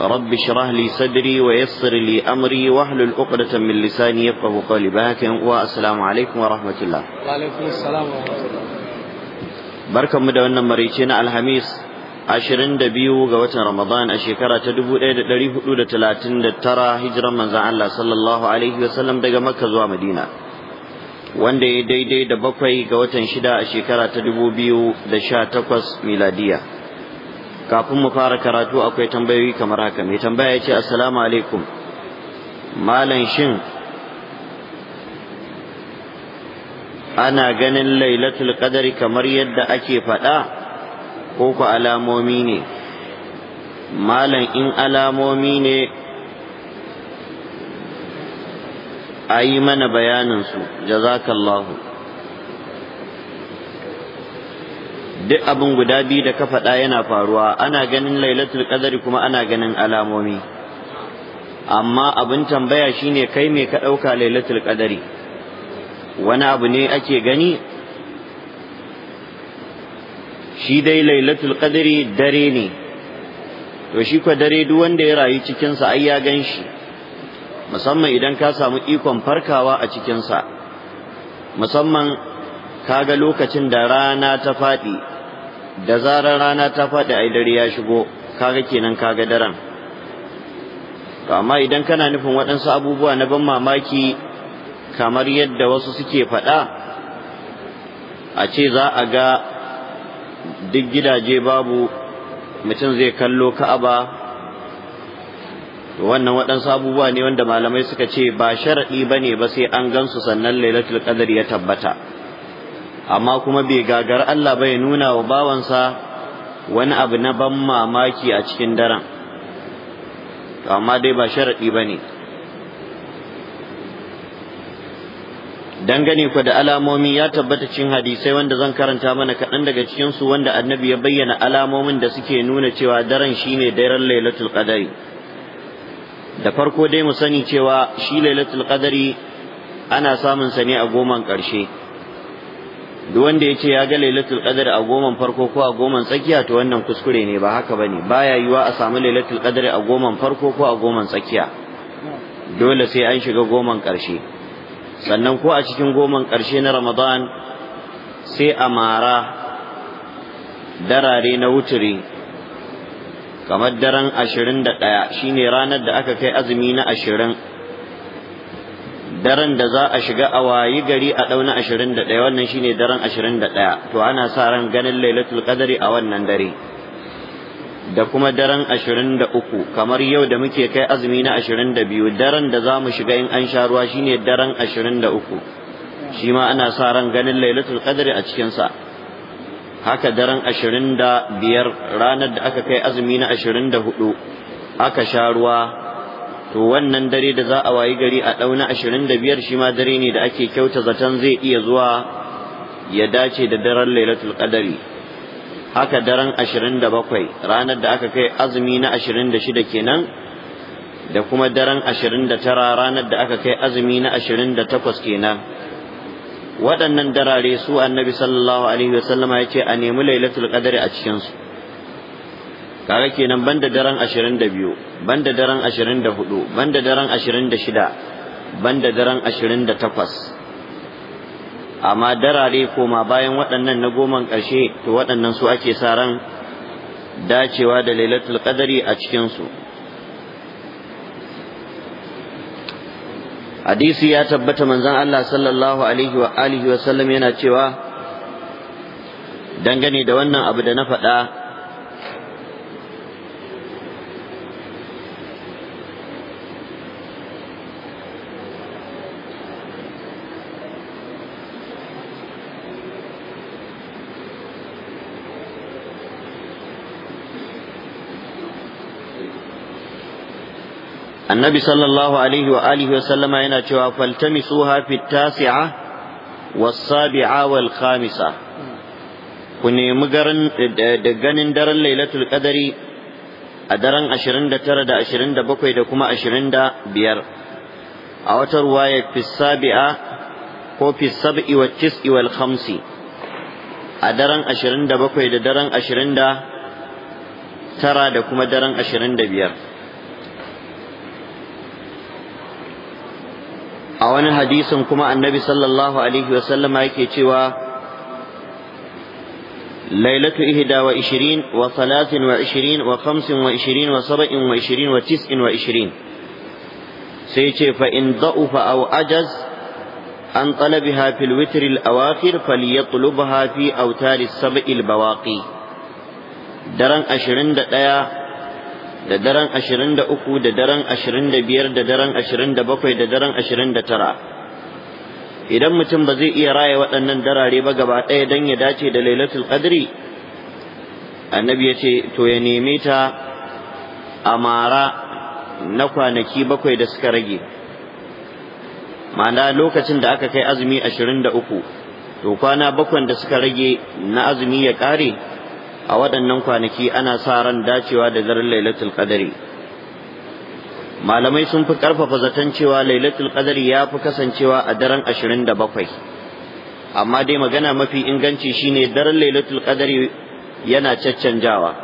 رب اشرح لي صدري ويسر لي امري واحلل عقدة من لساني يفقه قولي باك والسلام عليكم ورحمة الله. وعليكم السلام ورحمة الله. بركة مدونة مريتين الحميس ashirin da biyu ga watan Ramadan a shekara ta dubu ɗaya da ɗari da talatin da tara hijiran manzan Allah sallallahu alaihi sallam daga Makka zuwa Madina wanda ya daidai da bakwai ga watan shida a shekara ta dubu biyu da sha takwas miladiya. kafin mu fara karatu akwai tambayoyi kamar haka mai tambaya ce assalamu alaikum malam shin ana ganin lailatul qadari kamar yadda ake faɗa ko ku alamomi ne malam in alamomi ne a yi mana bayaninsu jazakallahu duk abin guda biyu da ka faɗa yana faruwa ana ganin lailatul qadari kuma ana ganin alamomi amma abin tambaya shine kai me ka ɗauka lailatul qadari wani abu ne ake gani shi dai lailatul qadari dare ne to shi kwa dare duk wanda ya rayu cikinsa ai ya gan shi musamman idan ka samu ikon farkawa a cikinsa musamman kaga lokacin da rana ta faɗi da zarar rana ta faɗi a dare ya shigo kaga kenan kaga daren to amma idan kana nufin waɗansu abubuwa na ban mamaki kamar yadda wasu suke faɗa a ce za a ga duk gidaje babu mutum zai kallo ka'aba wannan waɗansu abubuwa ne wanda malamai suka ce ba sharaɗi ba ne ba sai an gansu sannan lailatul ƙadar ya tabbata amma kuma bai gagar Allah bai nuna wa bawansa wani abu na ban mamaki a cikin daren amma dai ba sharaɗi ba ne dangane ku da alamomi ya tabbata cikin hadisai wanda zan karanta mana kaɗan daga cikinsu wanda annabi ya bayyana alamomin da suke nuna cewa daren shi shine daren lailatul qadari da farko dai mu sani cewa shi lailatul qadari ana samun sa ne a goman ƙarshe duk wanda ya ce ya ga lailatul qadr a goman farko ko a goman tsakiya to wannan kuskure ne ba haka bane baya yiwa a samu lailatul qadr a goman farko ko a goman tsakiya dole sai an shiga goman ƙarshe sannan ko a cikin goman ƙarshe na ramadan sai a mara darare na wuturi kamar daren ashirin da ɗaya shine ranar da aka kai azumi na ashirin daren da za a shiga a wayi gari a ɗauna ashirin da ɗaya wannan shine daren ashirin da ɗaya to ana sa ran ganin lailatul qadari a wannan dare da kuma daren ashirin da uku kamar yau da muke kai azumi na ashirin da biyu daren da za mu shiga in an sha ruwa shine daren ashirin da uku shi ma ana sa ran ganin lailatul qadari a cikinsa haka daren ashirin da biyar ranar da aka kai azumi na ashirin da hudu aka sha ruwa to wannan dare da za a wayi gari a ɗauna ashirin da biyar shi ma dare ne da ake kyauta zaton zai iya zuwa ya dace da daren lailatul qadari haka daren ashirin da bakwai ranar da aka kai azumi na ashirin da shida kenan da kuma daren ashirin da tara ranar da aka kai azumi na ashirin da takwas kenan waɗannan darare su annabi sallallahu alaihi wasallama ya ce a nemi lailatul qadari a cikinsu kaga kenan banda daren 22 banda daren 24 banda daren 26 banda daren 28 amma darare koma bayan waɗannan na goman ƙarshe to waɗannan su ake sa ran dacewa da lailatul qadari a cikinsu hadisi ya tabbata manzon Allah sallallahu alaihi wa alihi wa sallam yana cewa dangane da wannan abu da na faɗa annabi sallallahu alaihi wa alihi yana cewa faltamisuha fi tasi'a was-sabi'a wal-khamisa ku nemi da ganin daren lailatul qadari a daren 29 da 27 da kuma 25 a wata ruwaya fi sabi'a ko fi sab'i wa tis'i wal khamsi a daren 27 da daren 29 da kuma daren 25 a wani hadisin kuma annabi sallallahu alaihi wasallama yake cewa lailatu ihda wa ishirin wa salatin wa ishirin wa khamsin wa ishirin wa saba'in wa ishirin wa tis'in wa ishirin sai ce fa in da'ufa au ajaz an talabiha fil witr al awakhir falyatlubha fi awtar as sab'il daren da daren 23 da daren 25 da daren 27 da daren 29 idan mutum ba zai iya raya waɗannan darare ba gaba ɗaya don ya dace da lailatul qadri annabi ya ce to ya neme ta a mara na kwanaki bakwai da suka rage ma'ana lokacin da aka kai azumi 23 to kwana bakwai da suka rage na azumi ya ƙare a waɗannan kwanaki ana sa ran dacewa da daren lailatul qadari malamai sun fi ƙarfafa zaton cewa lailatul qadari ya fi kasancewa a daren 27 amma dai magana mafi inganci shine daren lailatul qadari yana caccanjawa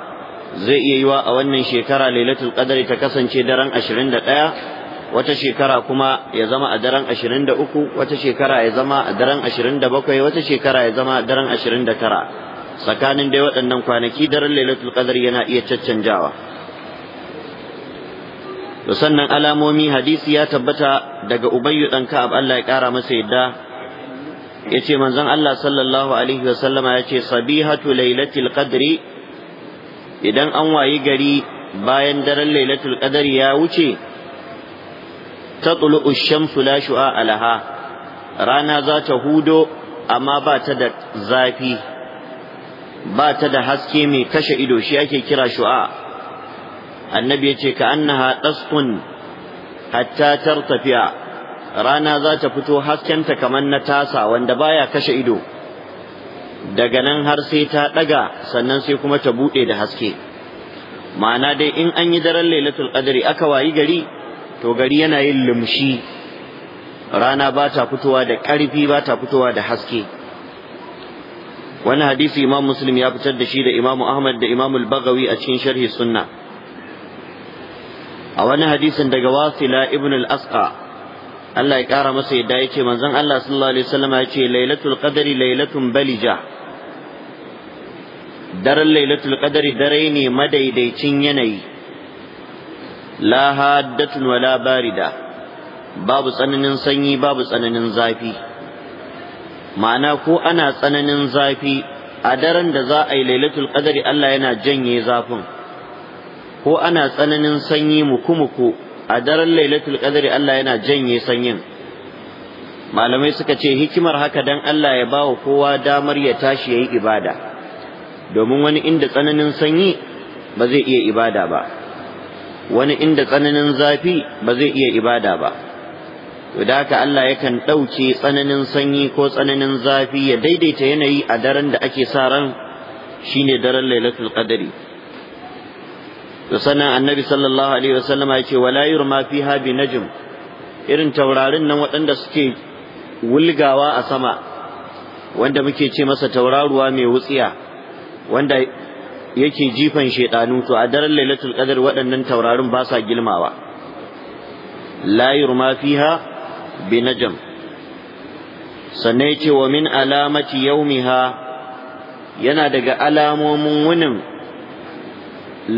zai iya yiwa a wannan shekara lailatul qadari ta kasance daren 21 wata shekara kuma ya zama a daren 23 wata shekara ya zama a daren 27 wata shekara ya zama a daren tara. tsakanin dai waɗannan kwanaki daren lailatul qadar yana iya caccanjawa to sannan alamomi hadisi ya tabbata daga ubayyu dan ka'ab Allah ya kara masa yadda yace manzon Allah sallallahu alaihi wa sallama yace sabihatu lailatul qadri idan an wayi gari bayan daren lailatul qadar ya wuce ta tulu shamsu la shu'a alaha rana za ta hudo amma ba ta da zafi ba ta da haske mai kashe ido shi ake kira shu'a annabi ya ce ka annaha dasqun hatta tartafiya rana za ta fito haskenta kamar na tasa wanda baya kashe ido daga nan har sai ta daga sannan sai kuma ta bude da haske ma'ana dai in an yi daren lailatul qadri aka wayi gari to gari yana yin lumshi rana ba ta fitowa da karfi ba ta fitowa da haske wani hadisi imam muslim ya fitar da shi da imam ahmad da imam bagawi a cikin sharhi sunna a wani hadisin daga wasila ibn al-asqa Allah ya kara masa yadda ya ce manzon Allah sallallahu alaihi wasallam ya ce lailatul qadari lailatun balija daren lailatul qadari dare ne madaidaicin yanayi la haddatun wala barida babu tsananin sanyi babu tsananin zafi ma'ana ko ana tsananin zafi a daren da za a yi lailatul qadari Allah yana janye zafin ko ana tsananin sanyi muku-muku a daren lailatul qadari Allah yana janye sanyin malamai suka ce hikimar haka dan Allah ya bawa kowa damar ya tashi yayi ibada domin wani inda tsananin sanyi ba zai iya ibada ba wani inda tsananin zafi ba zai iya ibada ba to da haka Allah yakan ɗauke tsananin sanyi ko tsananin zafi ya daidaita yanayi a daren da ake sa ran shine daren lailatul qadari to sannan annabi sallallahu alaihi wasallama ya ce wala yurma fiha bi najm irin taurarin nan waɗanda suke wulgawa a sama wanda muke ce masa tauraruwa mai wutsiya wanda yake jifan shedanu to a daren lailatul qadar waɗannan taurarin ba sa gilmawa la yurma fiha binajam sannan ce wa min alamati yaumiha yana daga alamomin wunin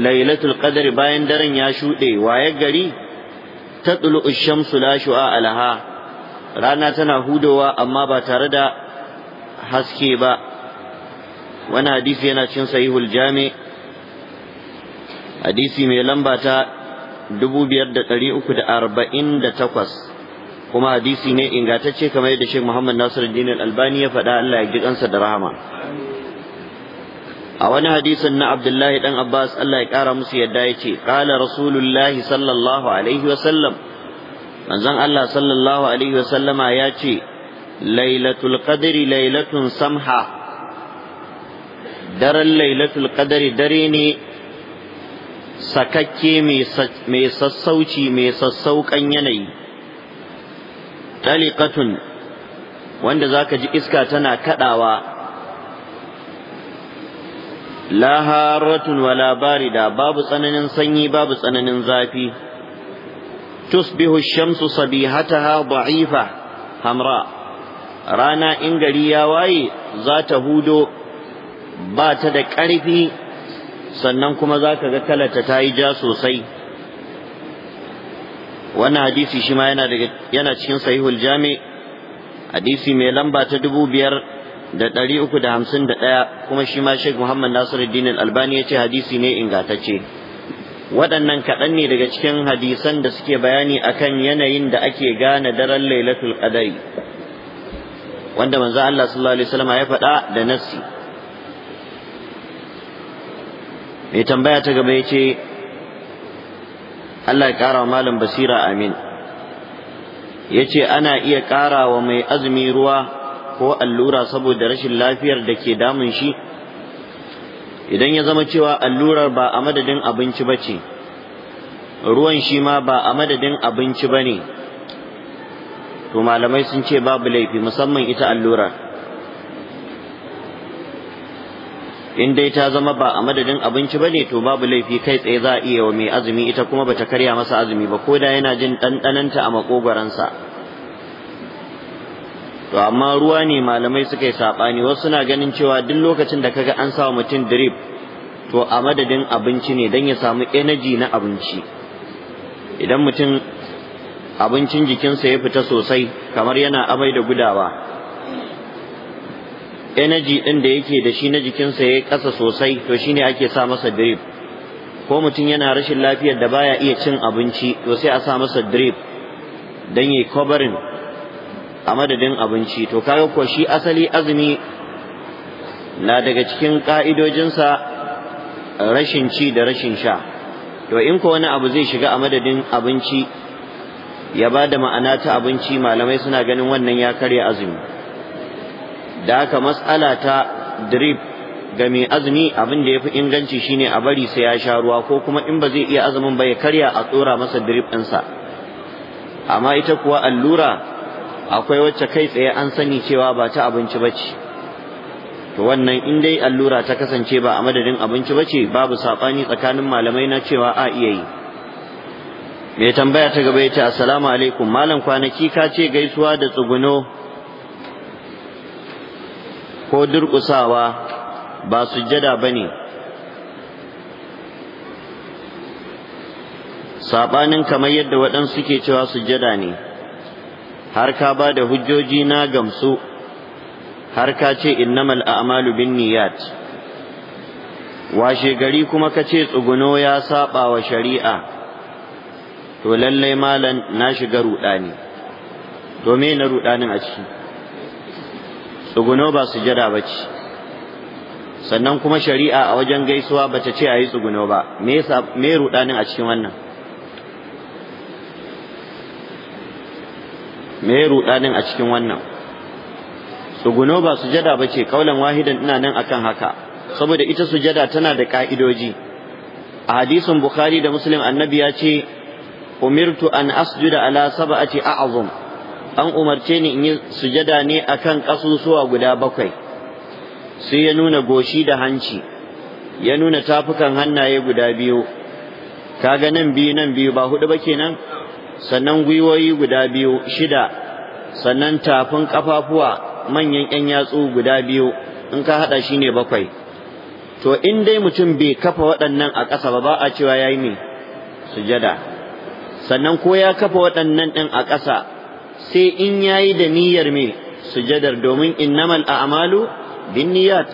lailatul qadr bayan daren ya shuɗe waye gari ta shamsu la shu'a alaha rana tana hudowa amma ba tare da haske ba wani hadisi yana cin sahihul jami hadisi mai lamba ta 5348 kuma hadisi ne ingantacce kamar yadda Sheikh Muhammad Nasiruddin Al-Albani ya faɗa Allah ya ji kansa da rahama a wani hadisin na Abdullahi dan Abbas Allah ya ƙara musu yadda yace qala rasulullahi sallallahu alaihi wa sallam manzon Allah sallallahu alaihi wa sallama ya ce lailatul qadri lailatun samha daren lailatul qadri dare ne sakakke mai sassauci mai sassaukan yanayi taliqatun wanda zaka ji iska tana kadawa la haratun wala barida babu tsananin sanyi babu tsananin zafi tusbihu shamsu sabihataha da'ifa hamra rana in gari ya waye za ta hudo ba ta da ƙarfi sannan kuma za ka ga kalarta ta yi ja sosai wannan hadisi shi ma yana cikin sahihul jami hadisi mai lamba ta dubu biyar da ɗari uku da hamsin da ɗaya kuma shi ma shek Muhammad Nasiruddin Albani ya ce hadisi ne ingantacce waɗannan kaɗan ne daga cikin hadisan da suke bayani akan yanayin da ake gane daren Lailatul Qadari wanda manzo Allah sallallahu alaihi wasallam ya faɗa da nassi mai tambaya ta gaba ya ce Allah ya ƙara malam basira amin ya ce ana iya ƙara wa mai azumi ruwa ko allura saboda rashin lafiyar da ke damun shi idan ya zama cewa allurar ba a madadin abinci ba ce ruwan shi ma ba a madadin abinci ba ne to malamai sun ce babu laifi musamman ita allurar in dai ta zama ba a madadin abinci ba ne to babu laifi kai tsaye za a iya wa mai azumi ita kuma bata karya masa azumi ba ko da yana jin ɗanɗananta a maƙogwaransa to amma ruwa ne malamai suka yi saɓani wasu na ganin cewa duk lokacin da kaga an sa mutum drip to a madadin abinci ne don ya samu energy na abinci idan mutum abincin jikinsa ya fita sosai kamar yana amai da gudawa energy din da yake da shi na jikinsa ya kasa sosai to shi shine ake sa masa drip ko mutum yana rashin lafiyar da baya iya cin abinci to sai a sa masa drip don yi covering a madadin abinci to kaga ko shi asali azumi na daga cikin ka'idojinsa rashin ci da rashin sha to in ko wani abu zai shiga a madadin abinci ya ba da ma'ana ta abinci malamai suna ganin wannan ya karya azumi da haka matsala ta drip ga mai azumi abin da ya fi inganci shine a bari sai ya sha ruwa ko kuma in ba zai iya azumin ba ya karya a tsora masa drip ɗinsa amma ita kuwa allura akwai wacce kai tsaye an sani cewa ba ta abinci ba ce to wannan in dai allura ta kasance ba a madadin abinci ba ce babu saɓani tsakanin malamai na cewa a iya yi mai tambaya ta gaba ya ce assalamu alaikum malam kwanaki ka ce gaisuwa da tsuguno ko durƙusawa ba sujjada ba ne saɓanin kamar yadda waɗansu suke cewa sujjada ne har ka ba da hujjoji na gamsu har ka ce innamal a'malu bin niyat washe gari kuma ka ce tsuguno ya saɓa wa shari'a to lallai malan na shiga ruɗani to me na ruɗanin a ciki tsuguno ba su jira ba ce sannan kuma shari'a a wajen gaisuwa ba ta ce a yi tsuguno ba me rudanin a cikin wannan me rudanin a cikin wannan tsuguno ba sujada ba ce kaulan wahidan ina nan akan haka saboda ita sujada tana da ka'idoji a hadisin bukhari da muslim annabi ya ce umirtu an asjuda ala sab'ati a'zum an umarce ni in yi sujada ne akan ƙasusuwa guda bakwai sai ya nuna goshi da hanci ya nuna tafukan hannaye guda biyu kaga nan biyu nan biyu ba hudu ba kenan sannan gwiwoyi guda biyu shida sannan tafin kafafuwa manyan ƴan yatsu guda biyu in ka haɗa shi ne bakwai to in dai mutum bai kafa waɗannan a ƙasa ba ba a cewa ya yi mai sujada sannan ko ya kafa waɗannan ɗin a ƙasa sai in yayi da niyyar me sujadar domin innamal a'malu binniyat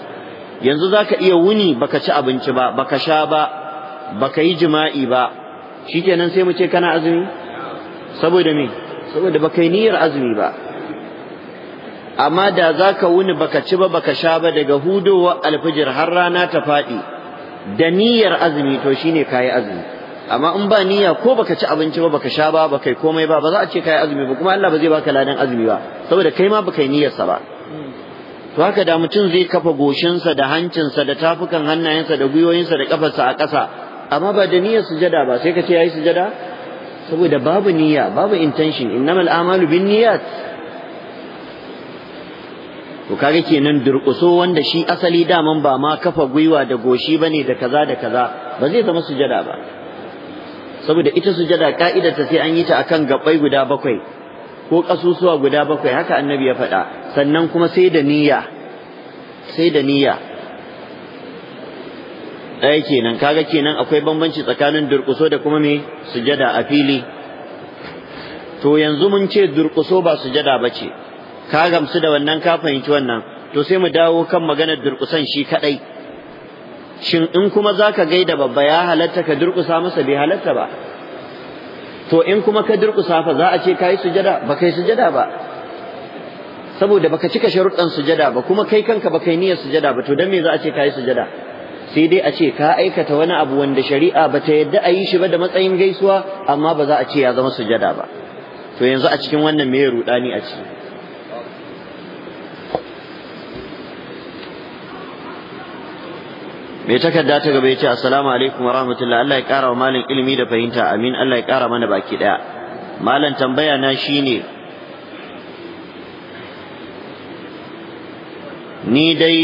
yanzu zaka iya wuni baka ci abinci ba baka sha ba baka yi jima'i ba shikenan sai mu ce kana azumi saboda me saboda baka yi niyyar azumi ba amma da za ka wuni baka ci ba baka sha ba daga hudowa alfijir har rana ta faɗi da niyyar azumi to shine kayi azumi amma in ba niyya ko baka ci abinci ba baka sha ba baka komai ba ba za a ce kai azumi ba kuma Allah ba zai baka ladan azumi ba saboda kai ma baka yi niyyarsa ba to haka da mutum zai kafa goshinsa da hancinsa da tafukan hannayensa da gwiwoyinsa da kafarsa a ƙasa amma ba da niyyar sujada ba sai ka ce yayi sujada saboda babu niyya babu intention innamal amalu bin niyyat to kaga kenan durƙuso wanda shi asali daman ba ma kafa gwiwa da goshi bane da kaza da kaza ba zai zama sujada ba saboda ita sujada ka'idar ta sai an yi ta akan gabbai guda bakwai ko kasusuwa guda bakwai haka annabi ya faɗa sannan kuma sai da niyya sai da niyya ɗaya kenan kaga kenan akwai bambanci tsakanin durƙuso da kuma me sujada a fili to yanzu mun ce durƙuso ba sujada ba ce ka gamsu da wannan ka fahimci wannan to sai mu dawo kan maganar durƙusan shi kaɗai shin in kuma za zaka gaida babba ya halatta ka durƙusa masa bai halatta ba to in kuma ka durƙusa fa za a ce kai sujada ba kai sujada ba saboda baka cika sharuɗan sujada ba kuma kai kanka baka yi niyyar sujada ba to dan me za a ce kai sujada sai dai a ce ka aikata wani abu wanda shari'a ba ta yadda a yi shi ba da matsayin gaisuwa amma ba za a ce ya zama sujada ba to yanzu a cikin wannan me rudani a ciki mai takarda ta gaba ya ce assalamu alaikum wa rahmatullahi Allah ya kara wa malam ilimi da fahimta amin Allah ya kara mana baki daya malam tambaya na shine ni dai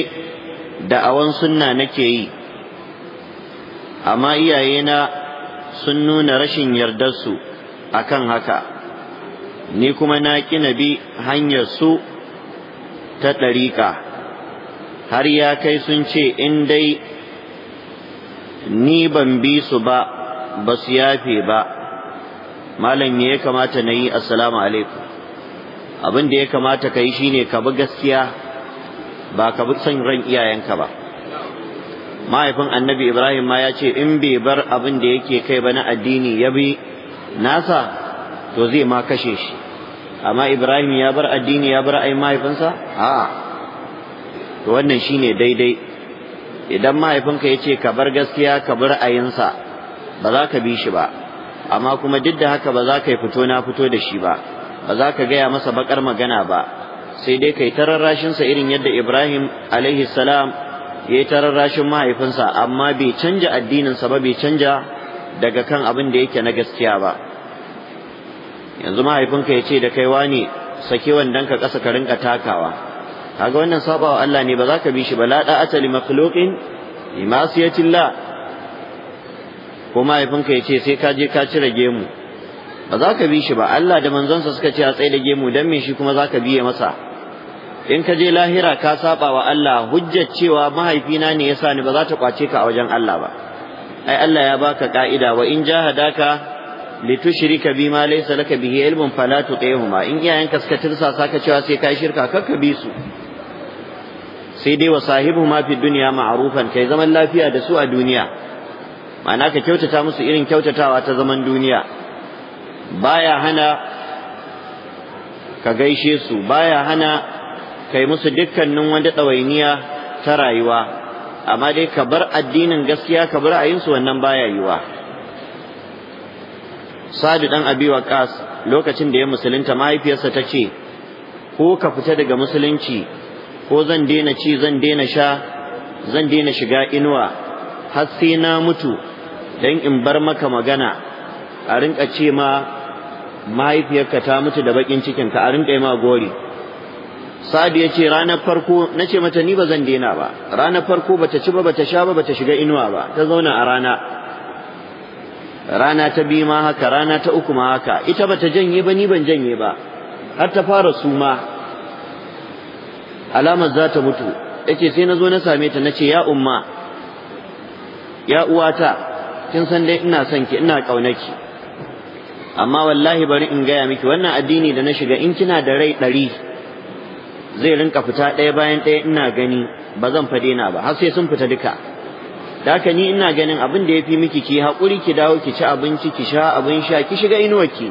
da awan sunna nake yi amma na sun nuna rashin yardar yardarsu akan haka ni kuma na kina bi hanyar su ta ɗariƙa har ya kai sun ce in dai ni ban bi su ba ba su yafe ba malam ya kamata na yi assalamu alaikum abin da ya kamata ka yi shine ka bi gaskiya ba ka bi son ran iyayenka ba mahaifin annabi ibrahim ma ya ce in bai bar abin da yake kai ba na addini ya bi nasa to zai ma kashe shi amma ibrahim ya bar addini ya bar ai mahaifinsa a'a to wannan shine daidai idan mahaifinka ya ce ka bar gaskiya ka bi ra'ayinsa ba za ka bi shi ba amma kuma duk da haka ba za ka yi fito na fito da shi ba ba za ka gaya masa bakar magana ba sai dai ka yi tararrashinsa irin yadda Ibrahim alaihi salam ya yi tararrashin mahaifinsa amma bai canja addininsa ba bai canja daga kan abin da yake na gaskiya ba yanzu mahaifinka ya ce da kaiwa ne sake ka ƙasa ka rinka takawa kaga wannan saba wa Allah ne ba za ka bi shi ba la da'ata li makhluqin bi masiyatillah ko mahaifinka ya ce sai ka je ka cire gemu ba za ka bi shi ba Allah da manzonsa suka ce a tsaye da gemu dan me shi kuma za ka biye masa in ka je lahira ka saba wa Allah hujjar cewa mahaifina ne yasa ni ba za ta kwace ka a wajen Allah ba ai Allah ya baka ka'ida wa in jahadaka litushrika bima laysa laka bihi ilmun fala tuqihuma in iyayenka suka tursa ka cewa sai kai shirka kakka bi su sai dai wa sahibu ma fi dunya ma'rufan kai zaman lafiya da su a duniya ma'ana ka kyautata musu irin kyautatawa ta zaman duniya baya hana ka gaishe su baya hana kai musu dukkanin wanda ɗawainiya ta rayuwa amma dai ka bar addinin gaskiya ka bar su wannan baya yiwa sadu dan abi waqas lokacin da ya musulunta mahaifiyarsa ta ce ko ka fita daga musulunci ko zan daina ci zan daina sha zan daina shiga inuwa har sai na mutu dan in bar maka magana a rinka ce ma mahaifiyarka ta mutu da bakin cikin ka a rinka ma gori Sa'adu ya ce ranar farko na ce mata ni ba zan daina ba ranar farko bata ci ba bata sha ba bata shiga inuwa ba ta zauna a rana rana ta biyu ma haka rana ta uku ma haka ita bata janye ba ni ban janye ba har ta fara suma alamar za ta mutu yace sai na zo na same ta nace ya umma ya uwata kin san dai ina son ki ina kaunaki amma wallahi bari in gaya miki wannan addini da na shiga in kina da rai ɗari zai rinka fita ɗaya bayan ɗaya ina gani ba zan fade na ba har sai sun fita duka da ni ina ganin abin da ya fi miki ki haƙuri ki dawo ki ci abinci ki sha abin sha ki shiga inuwa ki.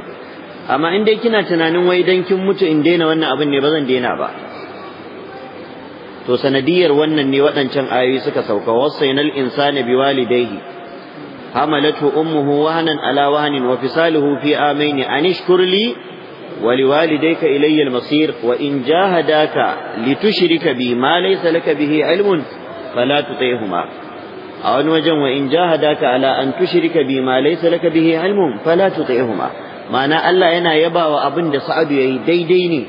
amma in dai kina tunanin wai dan kin mutu in daina wannan abin ne ba zan daina ba to sanadiyar wannan ne waɗancan ayoyi suka sauka wasainal insani biwalidayhi hamalatu ummuhu wahanan ala wahanin wa fisaluhu fi amaini an ishkur li wa liwalidayka ilayya al-masir wa in jahadaka litushrika bi ma laysa laka bihi ilmun fala tuti'huma a wani wajen wa in jahadaka ala an tushrika bi ma laysa laka bihi ilmun fala tuti'huma ma'ana Allah yana yabawa abin da Sa'adu yayi daidai ne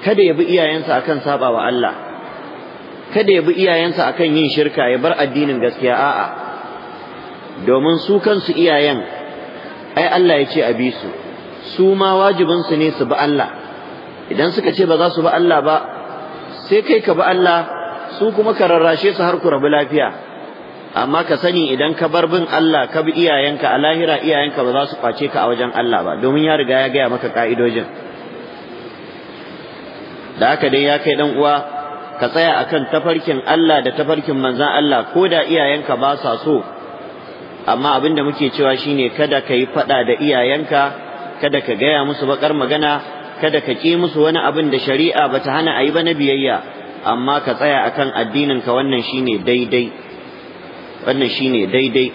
kada ya bi iyayensa akan saba wa Allah kada ya bi iyayensa akan yin shirka ya bar addinin gaskiya a'a domin su kansu iyayen ai Allah ya ce a bi su su ma wajibin su ne su bi Allah idan suka ce ba za su bi Allah ba sai kai ka bi Allah su kuma ka rarrashe su har ku rabu lafiya amma ka sani idan ka bar bin Allah ka bi iyayenka a lahira iyayenka ba za su kwace ka a wajen Allah ba domin ya riga ya gaya maka ka'idojin da haka dai ya kai dan uwa ka tsaya akan tafarkin Allah da tafarkin manzan Allah ko da iyayenka ba sa so amma abin da muke cewa shine kada ka yi faɗa da iyayenka kada ka gaya musu bakar magana kada ka ƙi musu wani abin da shari'a ba ta hana a yi ba na biyayya amma ka tsaya akan addininka wannan shine daidai wannan shine daidai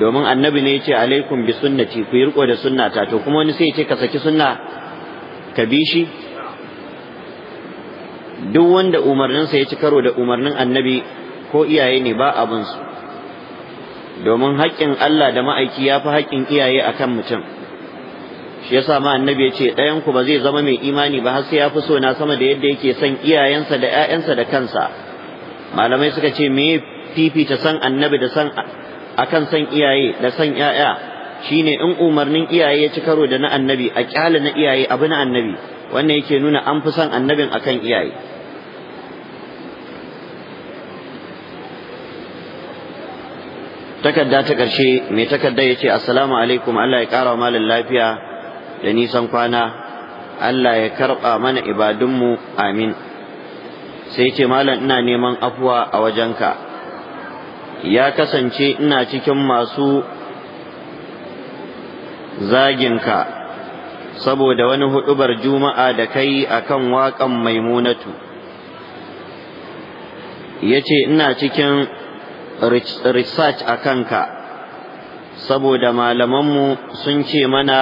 domin annabi ne ya ce alaikum bi sunnati ku yi riko da sunnata to kuma wani sai ya ce ka saki sunna ka bi shi duk wanda umarninsa ya ci karo da umarnin annabi ko iyaye ne ba abin domin haƙƙin Allah da ma'aiki ya fi haƙƙin iyaye a mutum shi yasa ma annabi ya ce ku ba zai zama mai imani ba har sai ya fi so na sama da yadda yake son iyayensa da ‘ya'yansa da kansa malamai suka ce me fifita san annabi da son akan san iyaye da son ‘ya'ya shine in umarnin iyaye ya ci karo da na annabi a kyala na iyaye abu na annabi wannan yake nuna an fi son annabin akan iyaye takarda ta ƙarshe mai takarda ya ce assalamu alaikum Allah ya ƙara malin lafiya da nisan kwana Allah ya karɓa mana ibadunmu amin sai ce malam ina neman afuwa a wajenka ya kasance ina cikin masu zaginka saboda wani huɗubar juma'a da kai akan waƙan maimunatu ya ce ina cikin research a kanka saboda malamanmu sun ce mana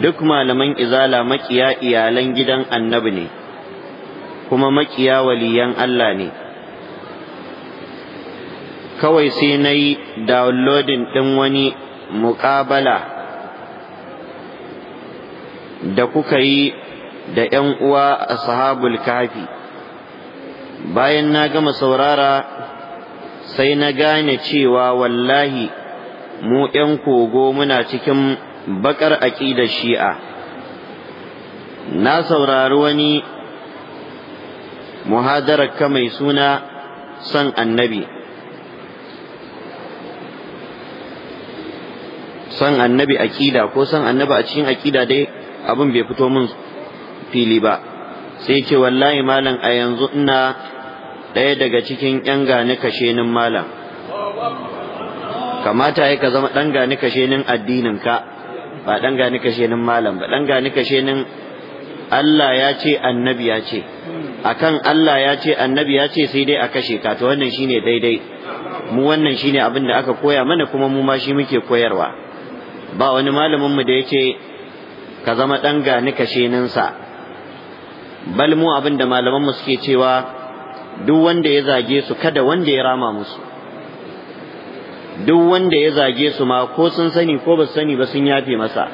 duk malaman izala makiya iyalan gidan annabi ne kuma makiya waliyan Allah ne kawai sai na yi downloading ɗin wani muƙabala da kuka yi da ‘yan uwa a sahabul kafi bayan na gama saurara sai na gane cewa wallahi mu ‘yan kogo muna cikin bakar aƙidar shi'a na saurari wani muhadararka mai suna son annabi son annabi aƙida ko son annabi a cikin aƙida dai abin bai fito min fili ba sai ce wallahi malam a yanzu ina ɗaya daga cikin ƴan gani kashenin malam kamata ya ka zama ɗan gani kashenin addinin ka ba ɗan gani kashenin malam ba ɗan gani kashenin Allah ya ce annabi ya ce akan Allah ya ce annabi ya ce sai dai a kashe ka to wannan shine daidai mu wannan shine abin da aka koya mana kuma mu ma shi muke koyarwa ba wani malamin mu da ce ka zama ɗan gani sa bal mu abin da malaman mu suke cewa duk wanda ya zage su kada wanda ya rama musu duk wanda ya zage su ma ko sun sani ko ba sani ba sun yafe masa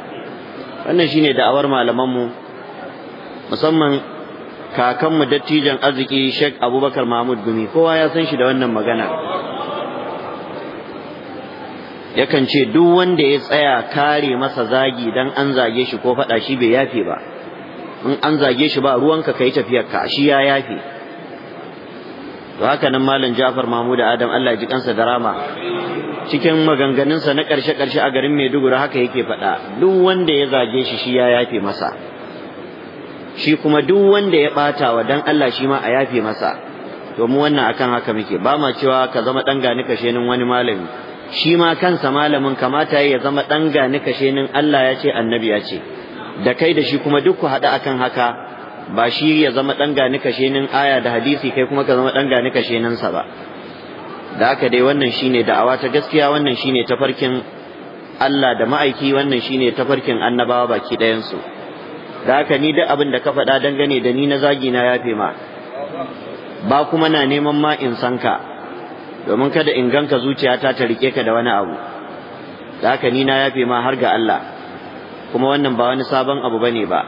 wannan shine da'awar malamanmu musamman kakanmu dattijan arziki Sheikh Abubakar Mahmud Gumi kowa ya san shi da wannan magana yakan ce duk wanda ya tsaya kare masa zagi dan an zage shi ko faɗa shi bai yafe ba in an zage shi ba ruwanka kai tafiyarka shi ya yafe to haka nan malam Jafar Mahmud Adam Allah ji kansa da rama cikin maganganunsa na karshe-karshe a garin Maiduguri haka yake faɗa duk wanda ya zage shi shi ya yafe masa shi kuma duk wanda ya ɓata wa dan Allah shi ma a yafe masa to mu wannan akan haka muke ba ma cewa ka zama dan gani kashenin wani malami shi ma kansa malamin kamata ya zama dan gani kashenin Allah ya ce annabi ya ce da kai da shi kuma duk ku haɗu akan haka ba shi ya zama ɗan gani nin aya da hadisi kai kuma ka zama ɗan gani sa ba da aka dai wannan shine da'awa ta gaskiya wannan shine farkin Allah da ma'aiki wannan shine farkin annabawa baki ɗayansu da aka ni duk abin da ka faɗa dangane da ni na zagi na yafe ma ba kuma na neman ma in san ka domin kada in ganka zuciyata ta rike ka da wani abu da aka ni na yafe ma har ga Allah kuma wannan ba wani sabon abu bane ba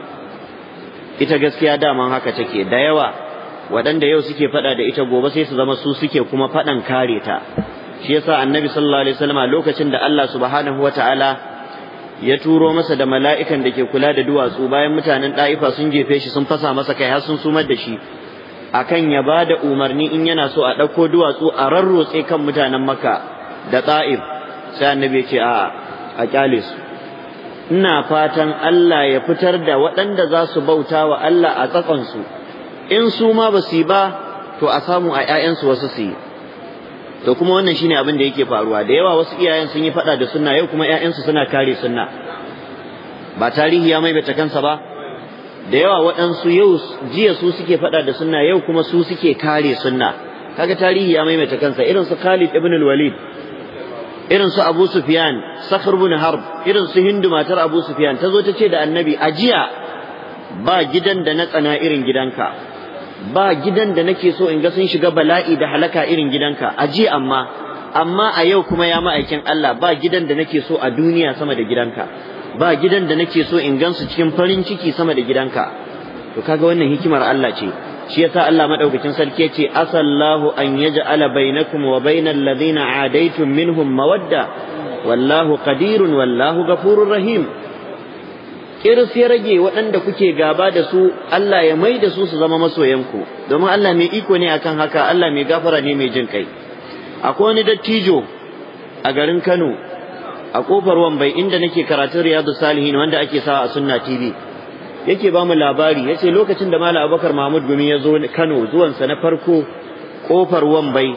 ita gaskiya dama haka take da yawa waɗanda yau suke faɗa da ita gobe sai su zama su suke kuma faɗan kare ta shi yasa annabi sallallahu alaihi wasallam lokacin da Allah subhanahu wataala ya turo masa da mala'ikan da ke kula da duwatsu bayan mutanen ɗa'ifa sun jefe shi sun fasa masa kai har sun sumar da shi akan ya ba da umarni in yana so a ɗauko duwatsu a rarrotse kan mutanen Makka da tsa'ib sai annabi ya ce a a kyale ina fatan Allah ya fitar da waɗanda za su bauta wa Allah a tsakansu in su ma ba su yi ba to a samu a ‘ya'yansu wasu su yi to kuma wannan shine abin da yake faruwa da yawa wasu iyayen sun yi faɗa da sunna yau kuma ‘ya'yansu suna kare sunna ba tarihi ya maimaita kansa ba da yawa waɗansu yau jiya su suke faɗa da sunna yau kuma su suke kare sunna kaga tarihi ya maimaita kansa irin su Khalid ibn al-Walid irin su Abu Sufyan Sakhr bin Harb irin su Hindu matar Abu Sufyan tazo ta ce da Annabi ajiya ba gidan da na tsana irin gidanka ba gidan da nake so in ga sun shiga bala'i da halaka irin gidanka ajiya amma amma a yau kuma ya ma'aikin Allah ba gidan da nake so a duniya sama da gidanka ba gidan da nake so in gansu cikin farin ciki sama da gidanka to kaga wannan hikimar Allah ce shi yasa Allah madaukakin sarki yace asallahu an yaj'ala bainakum wa bainal ladina adaitum minhum mawadda wallahu qadirun wallahu ghafurur rahim kiris ya rage waɗanda kuke gaba da su Allah ya mai da su su zama masoyanku domin Allah mai iko ne akan haka Allah mai gafara ne mai jin kai akwai wani dattijo a garin Kano a kofar Wambai inda nake karatun Riyadu Salihin wanda ake sawa a Sunna TV yake ba mu labari yace lokacin da Malam Abubakar Mahmud Gumi ya zo Kano zuwansa na farko kofar Wambai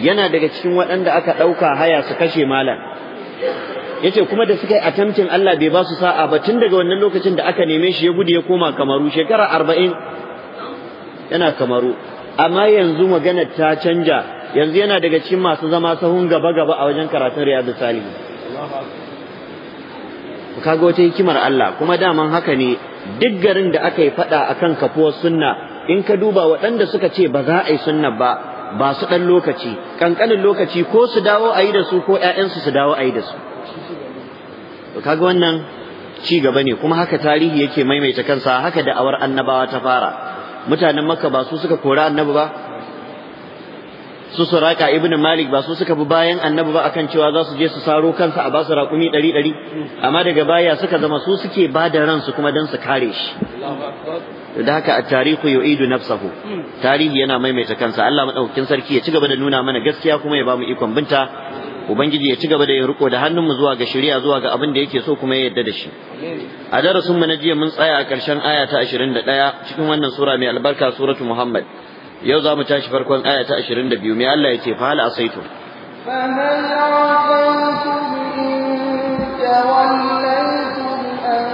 yana daga cikin waɗanda aka ɗauka haya su kashe malam yace kuma da suka yi atamcin Allah bai ba su sa'a ba tun daga wannan lokacin da aka neme shi ya gudu ya koma Kamaru shekara arba'in yana Kamaru amma yanzu magana ta canja yanzu yana daga cikin masu zama sahun gaba-gaba a wajen karatun Riyadu Salihu kaga wata hikimar Allah kuma daman haka ne duk garin da aka yi fada akan kafuwar sunna in ka duba waɗanda suka ce ba za a yi sunna ba ba su ɗan lokaci ƙanƙanin lokaci ko su dawo a yi da su ko ‘ya'yansu su dawo a yi da su to kaga wannan ci gaba ne kuma haka tarihi yake maimaita kansa haka da awar annabawa ta fara mutanen makka ba su suka kori annabi ba su suraka ibn malik ba su suka bi bayan annabi ba akan cewa za su je su saro kansa a basu raƙumi ɗari ɗari amma daga baya suka zama su suke ba da ransu kuma dan su kare shi da haka a tarihu yu'idu nafsahu tarihi yana maimaita kansa Allah maɗaukin sarki ya ci gaba da nuna mana gaskiya kuma ya ba mu ikon binta ubangiji ya ci gaba da yin riko da hannunmu zuwa ga shari'a zuwa ga abin da yake so kuma ya yarda da shi a darasin mu na jiya mun tsaya a ƙarshen aya ta 21 cikin wannan sura mai albarka suratu muhammad yau za mu tashi farkon aya ta 22 me Allah ya fa hal فهل إن توليتم أن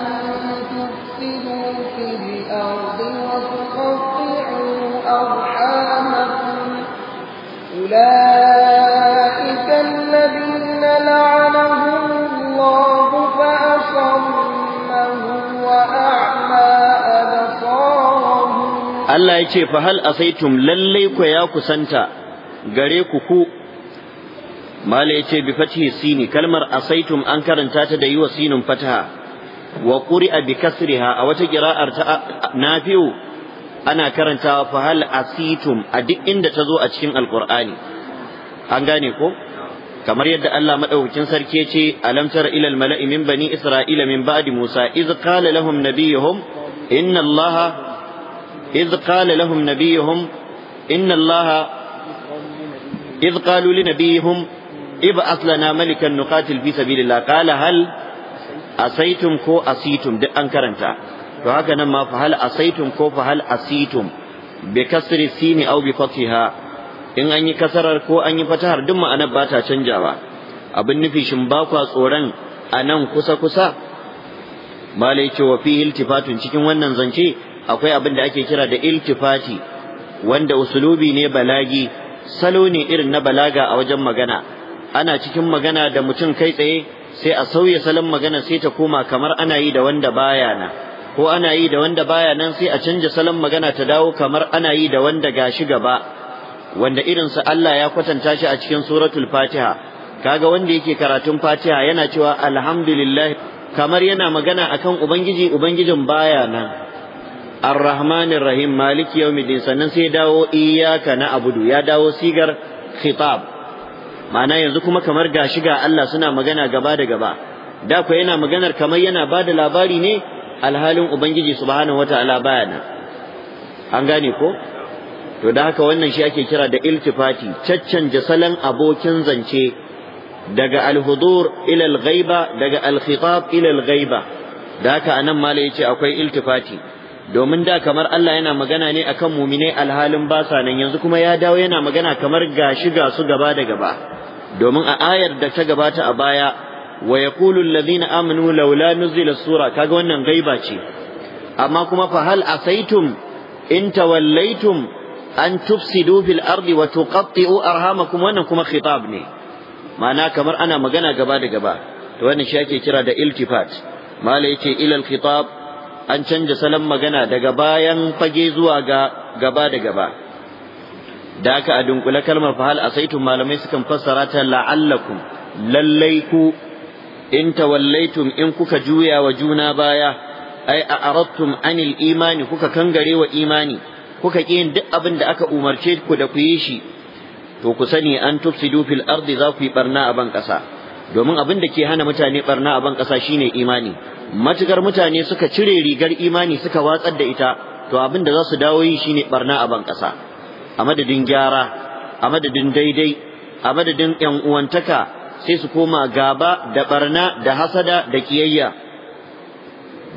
تفسدوا في الأرض وتقطعوا أرحامكم أولئك Allah ya ce fa hal asaitum lallai ku ya kusanta gare ku ku mala yace bi fathi sini kalmar asaitum an karanta ta da yiwa sinin fataha wa quri'a bi kasriha a wata qira'ar ta nafi'u ana karantawa fa hal asitum a duk inda ta zo a cikin alqur'ani an gane ko kamar yadda Allah madaukakin sarki yace alam tara ilal mala'i min bani isra'ila min ba'di musa iz qala lahum nabiyuhum inna allaha إذ قال لهم نبيهم إن الله إذ قالوا لنبيهم ابعث لنا ملكا نقاتل في سبيل الله قال هل أسيتم كو أسيتم دي أنكرنتا فهكذا ما فهل أسيتم كو فهل أسيتم بكسر السين أو بفتحها in an yi kasarar ko an yi fatahar duk ma'anar ba ta canjawa abin nufi shin ba kwa tsoron a nan kusa-kusa malai ce wa fi iltifatun cikin wannan zance akwai abin da ake kira da iltifati wanda usulubi ne balagi salo ne irin na balaga a wajen magana ana cikin magana da mutum kai tsaye sai a sauya salon magana sai ta koma kamar ana yi da wanda baya na ko ana yi da wanda baya nan sai a canja salon magana ta dawo kamar ana yi da wanda gashi gaba wanda irinsa Allah ya kwatanta shi a cikin suratul fatiha kaga wanda yake karatun fatiha yana cewa alhamdulillah kamar yana magana akan ubangiji ubangijin baya nan Ar-Rahmanir Rahim Maliki Yawmiddin sannan sai dawo iyyaka Abudu ya dawo sigar khitab ma'ana yanzu kuma kamar gashi ga Allah suna magana gaba da gaba da ku yana maganar kamar yana bada labari ne alhalin ubangiji subhanahu wata'ala baya na. an gane ko to da haka wannan shi ake kira da iltifati caccanja salon abokin zance daga alhudur ila alghaiba daga alkhitab ila alghaiba da haka anan mala yace akwai iltifati domin da kamar Allah yana magana ne akan muminai alhalin ba sa nan yanzu kuma ya dawo yana magana kamar gashi ga su gaba da gaba domin a ayar da ta gabata a baya wa yaqulu alladhina amanu laula nuzila sura kaga wannan gaiba ce amma kuma fa hal asaitum in tawallaitum an tufsidu fil ardi wa tuqatti'u arhamakum wannan kuma khitab ne ma'ana kamar ana magana gaba da gaba to wannan shi ake kira da iltifat mala yake ila khitab an canja salon magana daga bayan fage zuwa ga gaba da gaba da aka a dunkule kalmar fahal a saitun malamai sukan fassara ta la'allakum lallai ku in tawallaitum in kuka juya wa juna baya ai a arattum anil imani kuka kangare wa imani kuka ƙi yin duk abin da aka umarce ku da ku yi shi to ku sani an tufsidu fil ardi za ku yi barna a ban ƙasa domin abin da ke hana mutane barna a ban ƙasa shine imani matukar mutane suka cire rigar imani suka watsar da ita to abin da za su dawo yi shine barna a ban a madadin gyara a madadin daidai a madadin yan uwantaka sai su koma gaba da barna da hasada da kiyayya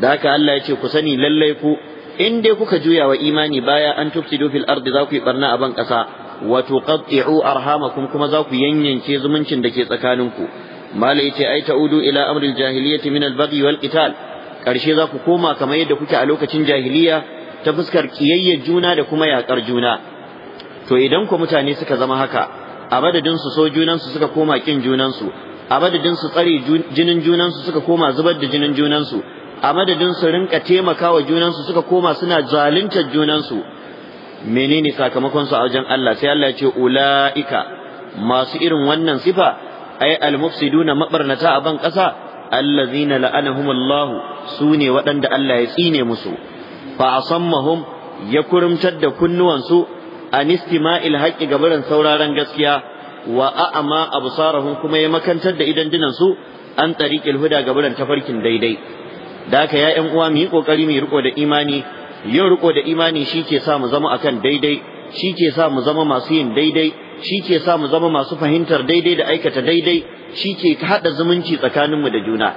da haka Allah ya ce ku sani lallai ku in dai kuka juya wa imani baya an tufsidu fil ardi za ku yi barna a ban wato wa tuqatti'u arhamakum kuma za ku yanyance zumuncin da ke tsakaninku mala yace ai ta'udu ila amril jahiliyyati min al-baghi wal qital karshe za ku koma kamar yadda kuke a lokacin jahiliya ta fuskar kiyayyar juna da kuma yakar juna to idan ku mutane suka zama haka a madadin su so junan su suka koma kin junan su a madadin su tsare jinin junan su suka koma zubar da jinin junan su a madadin su rinka taimakawa junan su suka koma suna zaluntar junan su menene sakamakon su a wajen Allah sai Allah ya ce ulaika masu irin wannan sifa ay al-mufsiduna mabarnata a ban ƙasa allazina la'anahum Allah sune waɗanda Allah ya tsine musu fa asammahum ya kurumtar da kunnuwansu an istima'il haqqi gabaran sauraron gaskiya wa a'ama absarahum kuma ya makantar da idan dinan su an tariqil huda gabaran tafarkin daidai da ka ya ƴan uwa mu yi kokari mu riko da imani yin riko da imani shi ke sa mu zama akan daidai shi ke sa mu zama masu yin daidai shi ke sa mu zama masu fahimtar daidai da aikata daidai shi ke haɗa zumunci tsakaninmu da juna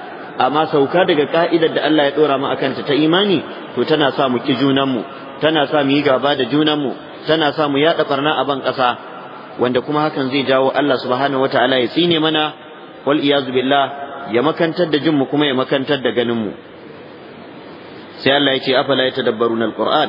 amma sauka daga ka'idar da Allah ya ɗora mu akanta ta imani to tana sa mu ki junanmu tana sa mu yi gaba da junanmu tana sa mu yaɗa ɓarna a ban ƙasa wanda kuma hakan zai jawo Allah subhanahu wataala ya tsine mana wal iyazu billah ya makantar da jinmu kuma ya makantar da ganinmu sai Allah ya ce afala yatadabbaruna alquran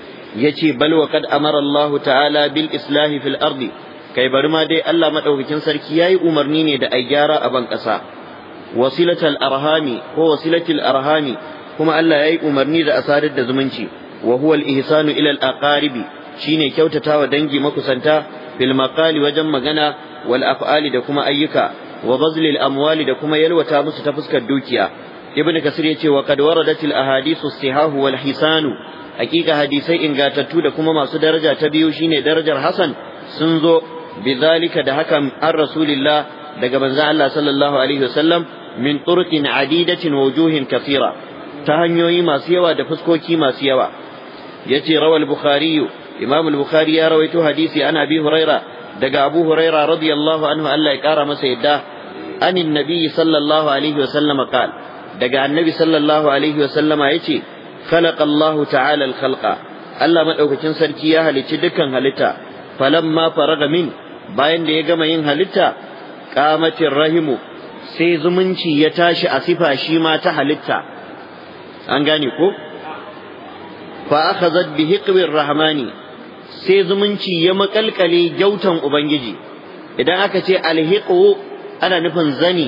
yace bal wa kad amara Allahu ta'ala bil islahi fil ardi kai bari ma dai Allah madaukakin sarki yayi umarni ne da ai gyara a ban kasa wasilatul arhami ko wasilatul arhami kuma Allah yayi umarni da asarar da zumunci wa huwa al ihsanu ila al aqaribi shine kyautatawa dangi makusanta bil maqali wajen magana wal af'ali da kuma ayyuka wa bazlil amwali da kuma yalwata musu ta fuskar dukiya ibnu kasir yace wa kad waradatil ahadithu sihahu wal hisanu hakika hadisai ingantattu da kuma masu daraja ta biyu shine darajar Hassan sun zo bizalika da hakan an rasulillah daga manzon Allah sallallahu alaihi wasallam min turqin adidatin wujuhin kafira. ta hanyoyi masu yawa da fuskoki masu yawa yace rawal bukhari imam al-bukhari ya rawaito hadisi an abi huraira daga abu huraira radiyallahu anhu Allah ya kara masa yadda anin nabi sallallahu alaihi wasallam qala daga annabi sallallahu alaihi wasallama yace khalaqa Allah ta'ala al Allah maɗaukacin sarki ya halicci dukkan halitta falamma faraga min bayan da ya gama yin halitta qamatir rahimu sai zumunci ya tashi a sifa shi ma ta halitta an gane ko fa akhazat bi hiqbir rahmani sai zumunci ya makalkale gyautan ubangiji idan aka ce alhiqu ana nufin zani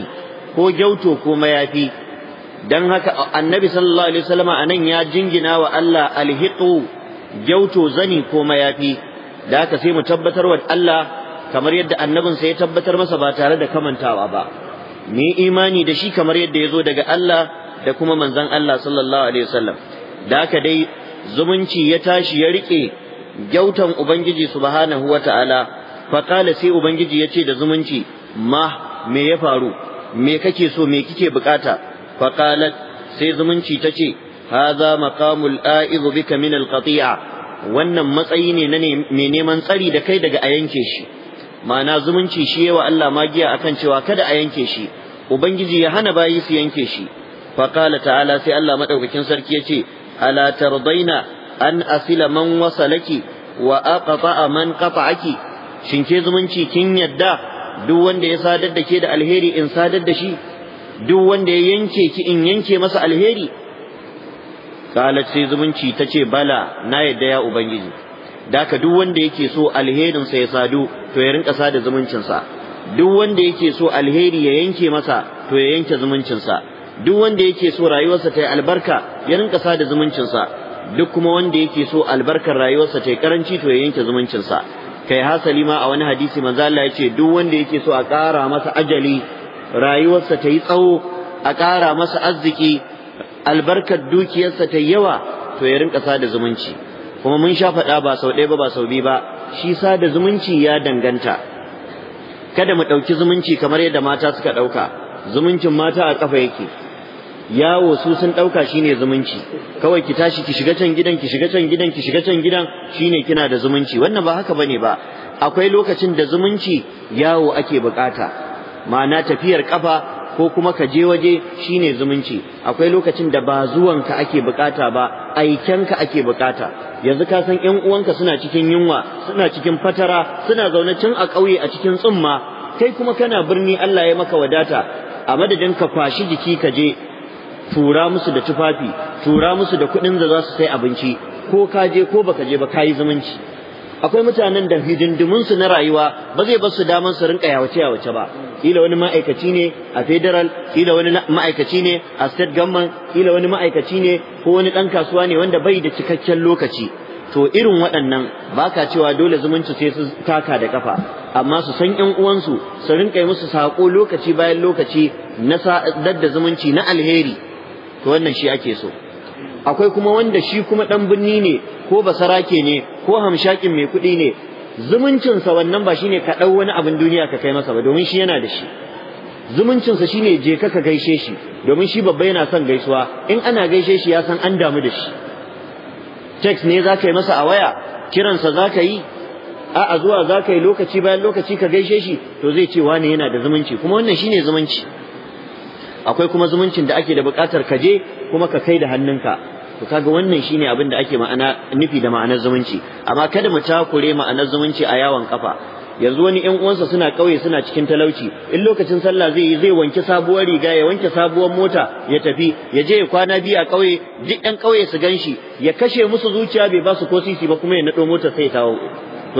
ko gyauto ko mayafi dan haka annabi sallallahu alaihi wasallam anan ya jingina wa Allah alhiqu gyauto zani ko mayafi da haka sai mu tabbatar wa Allah kamar yadda annabin sa ya tabbatar masa ba tare da kamantawa ba ni imani da shi kamar yadda ya zo daga Allah da kuma manzon Allah sallallahu alaihi wasallam da haka dai zumunci ya tashi ya rike gyautan ubangiji subhanahu wataala fa qala sai ubangiji ya ce da zumunci ma me ya faru me kake so me kike bukata faqalat sai zumunci ta ce hadha maqamul a'izu bika min alqati'a wannan matsayi ne na mai neman tsari da kai daga a yanke shi ma'ana zumunci shi yawa Allah magiya akan cewa kada a yanke shi ubangiji ya hana bayi su yanke shi faqala ta'ala sai Allah madaukakin sarki yace ala tardaina an asila man wasalaki wa aqta'a man qata'aki shin ke zumunci kin yadda duk wanda ya sadar da ke da alheri in sadar da shi duk wanda ya yanke ki in yanke masa alheri qalat sai zumunci tace bala na yadda ya ubangiji daka duk wanda yake so alherin sa ya sadu to ya rinka sada zumuncin sa duk wanda yake so alheri ya yanke masa to ya yanke zumuncin sa duk wanda yake so rayuwarsa ta yi albarka ya rinka sada zumuncin sa duk kuma wanda yake so albarkar rayuwarsa ta yi karanci to ya yanke zumuncin sa kai hasali ma a wani hadisi manzo Allah yace duk wanda yake so a ƙara masa ajali rayuwarsa ta yi tsawo a ƙara masa arziki albarkar dukiyarsa ta yawa to ya rinka sada zumunci kuma mun sha faɗa ba sau ɗaya ba ba sau biyu ba shi sada zumunci ya danganta kada mu ɗauki zumunci kamar yadda mata suka ɗauka zumuncin mata a ƙafa yake yawo su sun ɗauka shine zumunci kawai ki tashi ki shiga can gidan ki shiga can gidan ki shiga can gidan shine kina da zumunci wannan ba haka bane ba akwai lokacin da zumunci yawo ake bukata ma'ana tafiyar kafa ko kuma ka je waje shine zumunci akwai lokacin da ba zuwanka ake bukata ba aikenka ake bukata yanzu ka san ƴan uwanka suna cikin yunwa suna cikin fatara suna zaune tun a ƙauye a cikin tsumma kai kuma kana birni Allah ya maka wadata a madadin ka kwashi jiki ka je tura musu da tufafi tura musu da kuɗin da za su sai abinci ko ka je ko baka je ba kayi zumunci akwai mutanen da hidindiminsu na rayuwa ba zai bar su daman su rinka yawace yawace ba kila wani ma'aikaci ne a federal Ila wani ma'aikaci ne a state government kila wani ma'aikaci ne ko wani dan kasuwa ne wanda bai da cikakken lokaci to irin waɗannan ba ka cewa dole zumunci sai su taka da kafa amma su san ƴan uwansu su rinka yi musu saƙo lokaci bayan lokaci na dadda da zumunci na alheri to wannan shi ake so akwai kuma wanda shi kuma dan binni ne ko basarake ne ko hamshakin mai kuɗi ne zumuncinsa wannan ba shine ka ɗau wani abin duniya ka kai masa ba domin shi yana da shi zumuncinsa shine je ka ka gaishe shi domin shi babba yana son gaisuwa in ana gaishe shi ya san an damu da shi text ne za ka yi masa a waya kiransa za ka yi a'a zuwa za ka yi lokaci bayan lokaci ka gaishe shi to zai ce wane yana da zumunci kuma wannan shine zumunci akwai kuma zumuncin da ake da buƙatar ka je kuma ka kai da hannunka to kaga wannan shine abin da ake ma'ana nufi da ma'anar zumunci amma kada mu takure ma'anar zumunci a yawon kafa yanzu wani ƴan uwansa suna ƙauye suna cikin talauci in lokacin sallah zai yi zai wanke sabuwar riga ya wanke sabuwar mota ya tafi ya je ya kwana biyu a ƙauye duk ƴan ƙauye su gan shi ya kashe musu zuciya bai ba su ko sisi ba kuma ya nado mota sai ya kawo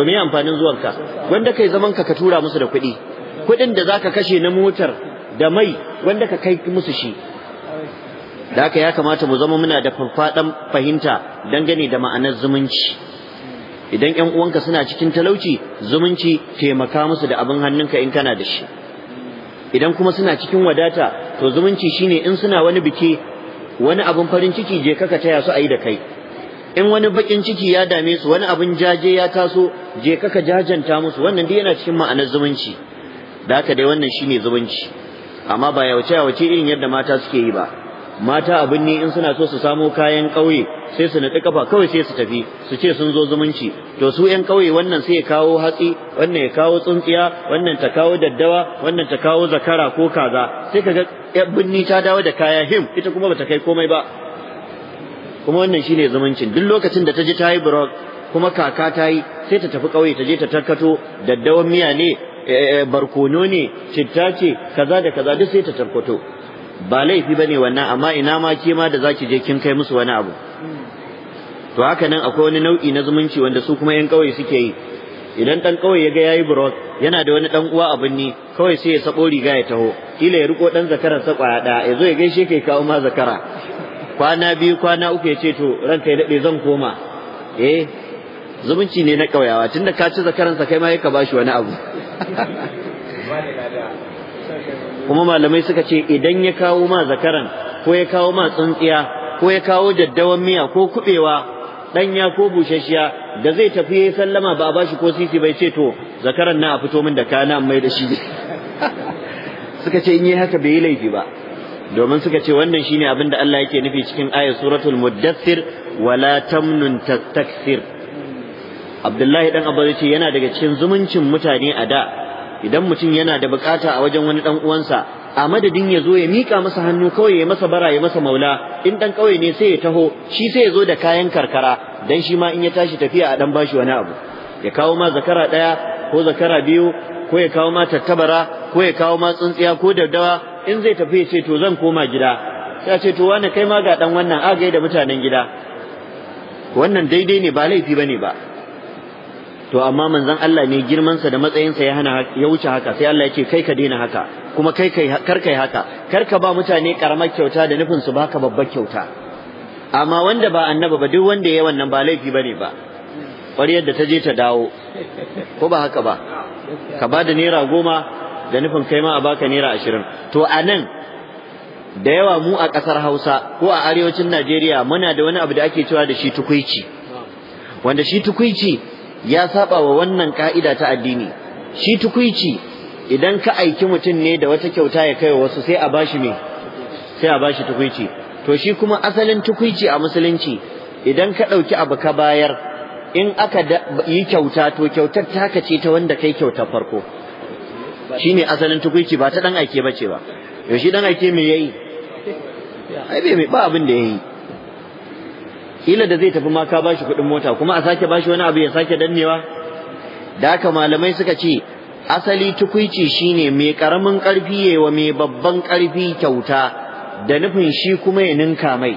me amfanin zuwanka wanda kai zaman ka ka tura musu da kuɗi kuɗin da zaka kashe na motar da mai wanda ka kai musu shi da haka ya kamata mu zama muna da farfadan fahimta dangane da ma'anar zumunci idan ƴan uwanka suna cikin talauci zumunci taimaka musu da abin hannunka in kana da shi idan kuma suna cikin wadata to zumunci shine in suna wani biki wani abin farin ciki je kaka taya su ayi da kai in wani bakin ciki ya dame su wani abin jaje ya taso je kaka jajanta musu wannan duk yana cikin ma'anar zumunci da haka dai wannan shine zumunci amma ba yauce yawace irin yadda mata suke yi ba mata abin ne in suna so su samo kayan ƙauye sai su nika kafa kawai sai su tafi su ce sun zo zumunci to su ƴan ƙauye wannan sai ya kawo hatsi wannan ya kawo tsuntsiya wannan ta kawo daddawa wannan ta kawo zakara ko kaza sai kaga ƴan binni ta dawo da kaya him ita kuma bata kai komai ba kuma wannan shine zumuncin duk lokacin da ta ji ta yi kuma kaka ta yi sai ta tafi ƙauye ta je ta tarkato daddawan miya ne Eh, eh, barkono ne citta ce kaza da kaza duk sai ta tarkwato ba laifi ba ne wannan amma ina ma ke ma da zaki je kin kai musu wani abu to haka nan akwai wani nau'i na zumunci wanda su kuma yan kauye suke yi idan ɗan kauye ya ga yayi brok yana da wani ɗan uwa abin ni kawai sai ya sabo riga ya taho kila ya riko ɗan zakaran sa ƙwaya da ya zo ya gaishe kai kawo ma zakara kwana biyu kwana uku ya ce to ranka ya dade zan koma eh zumunci ne na kauyawa tunda ka ci zakaran sa kai ma ya ka bashi wani abu kuma malamai suka ce idan ya kawo ma zakaran ko ya kawo ma tsuntsiya ko ya kawo daddawan miya ko kubewa ɗanya ko bushashiya da zai tafi ya sallama ba a bashi ko sisi bai ce to zakaran na a fito min da kana mai da shi suka ce in yi haka bai yi laifi ba domin suka ce wannan shine abin da Allah yake nufi cikin ayat suratul muddassir wala tamnun tastakthir abdullahi dan zai ce yana daga cikin zumuncin mutane a da idan mutum yana da bukata a wajen wani dan uwansa a madadin ya zo ya mika masa hannu kawai ya masa bara ya masa maula in dan kauye ne sai ya taho shi sai ya zo da kayan karkara dan shi ma in ya tashi tafiya a dan bashi wani abu ya kawo ma zakara daya ko zakara biyu ko ya kawo ma tattabara ko ya kawo ma tsuntsiya ko daddawa in zai tafi ya ce to zan koma gida sai ce to wani kai ma ga dan wannan agai da mutanen gida wannan daidai ne ba laifi bane ba to amma manzon Allah ne girmansa da matsayinsa ya hana ya wuce haka sai Allah yake kai ka daina haka kuma kai kai kar kai haka kar ka ba mutane karamar kyauta da nufin su baka babbar kyauta amma wanda ba annaba ba duk wanda ya wannan ba laifi bane ba ƙwaryar da ta je ta dawo ko ba haka ba ka ba da naira goma da nufin kai ma a baka naira ashirin to a nan da yawa mu a kasar hausa ko a arewacin najeriya muna da wani abu da ake cewa da shi tukuici wanda shi tukuici ya saba wa wannan ka'ida ta addini shi tukuici idan ka aiki mutum ne da wata kyauta ya kai wasu sai a bashi me sai a bashi tukuici to shi kuma asalin tukuici a musulunci idan ka ɗauki abu ka bayar in aka yi kyauta to kyautar taka ce ta wanda kai kyautar farko shine asalin tukuici ba ta dan aike bace ba yaushe dan aike me yayi ai bai ba abin da yayi kila da zai tafi ma ka bashi kuɗin mota kuma a sake bashi wani abu ya sake dannewa da haka malamai suka ce asali tukuici shine mai karamin karfi yayi mai babban karfi kyauta da nufin shi kuma ya ninka mai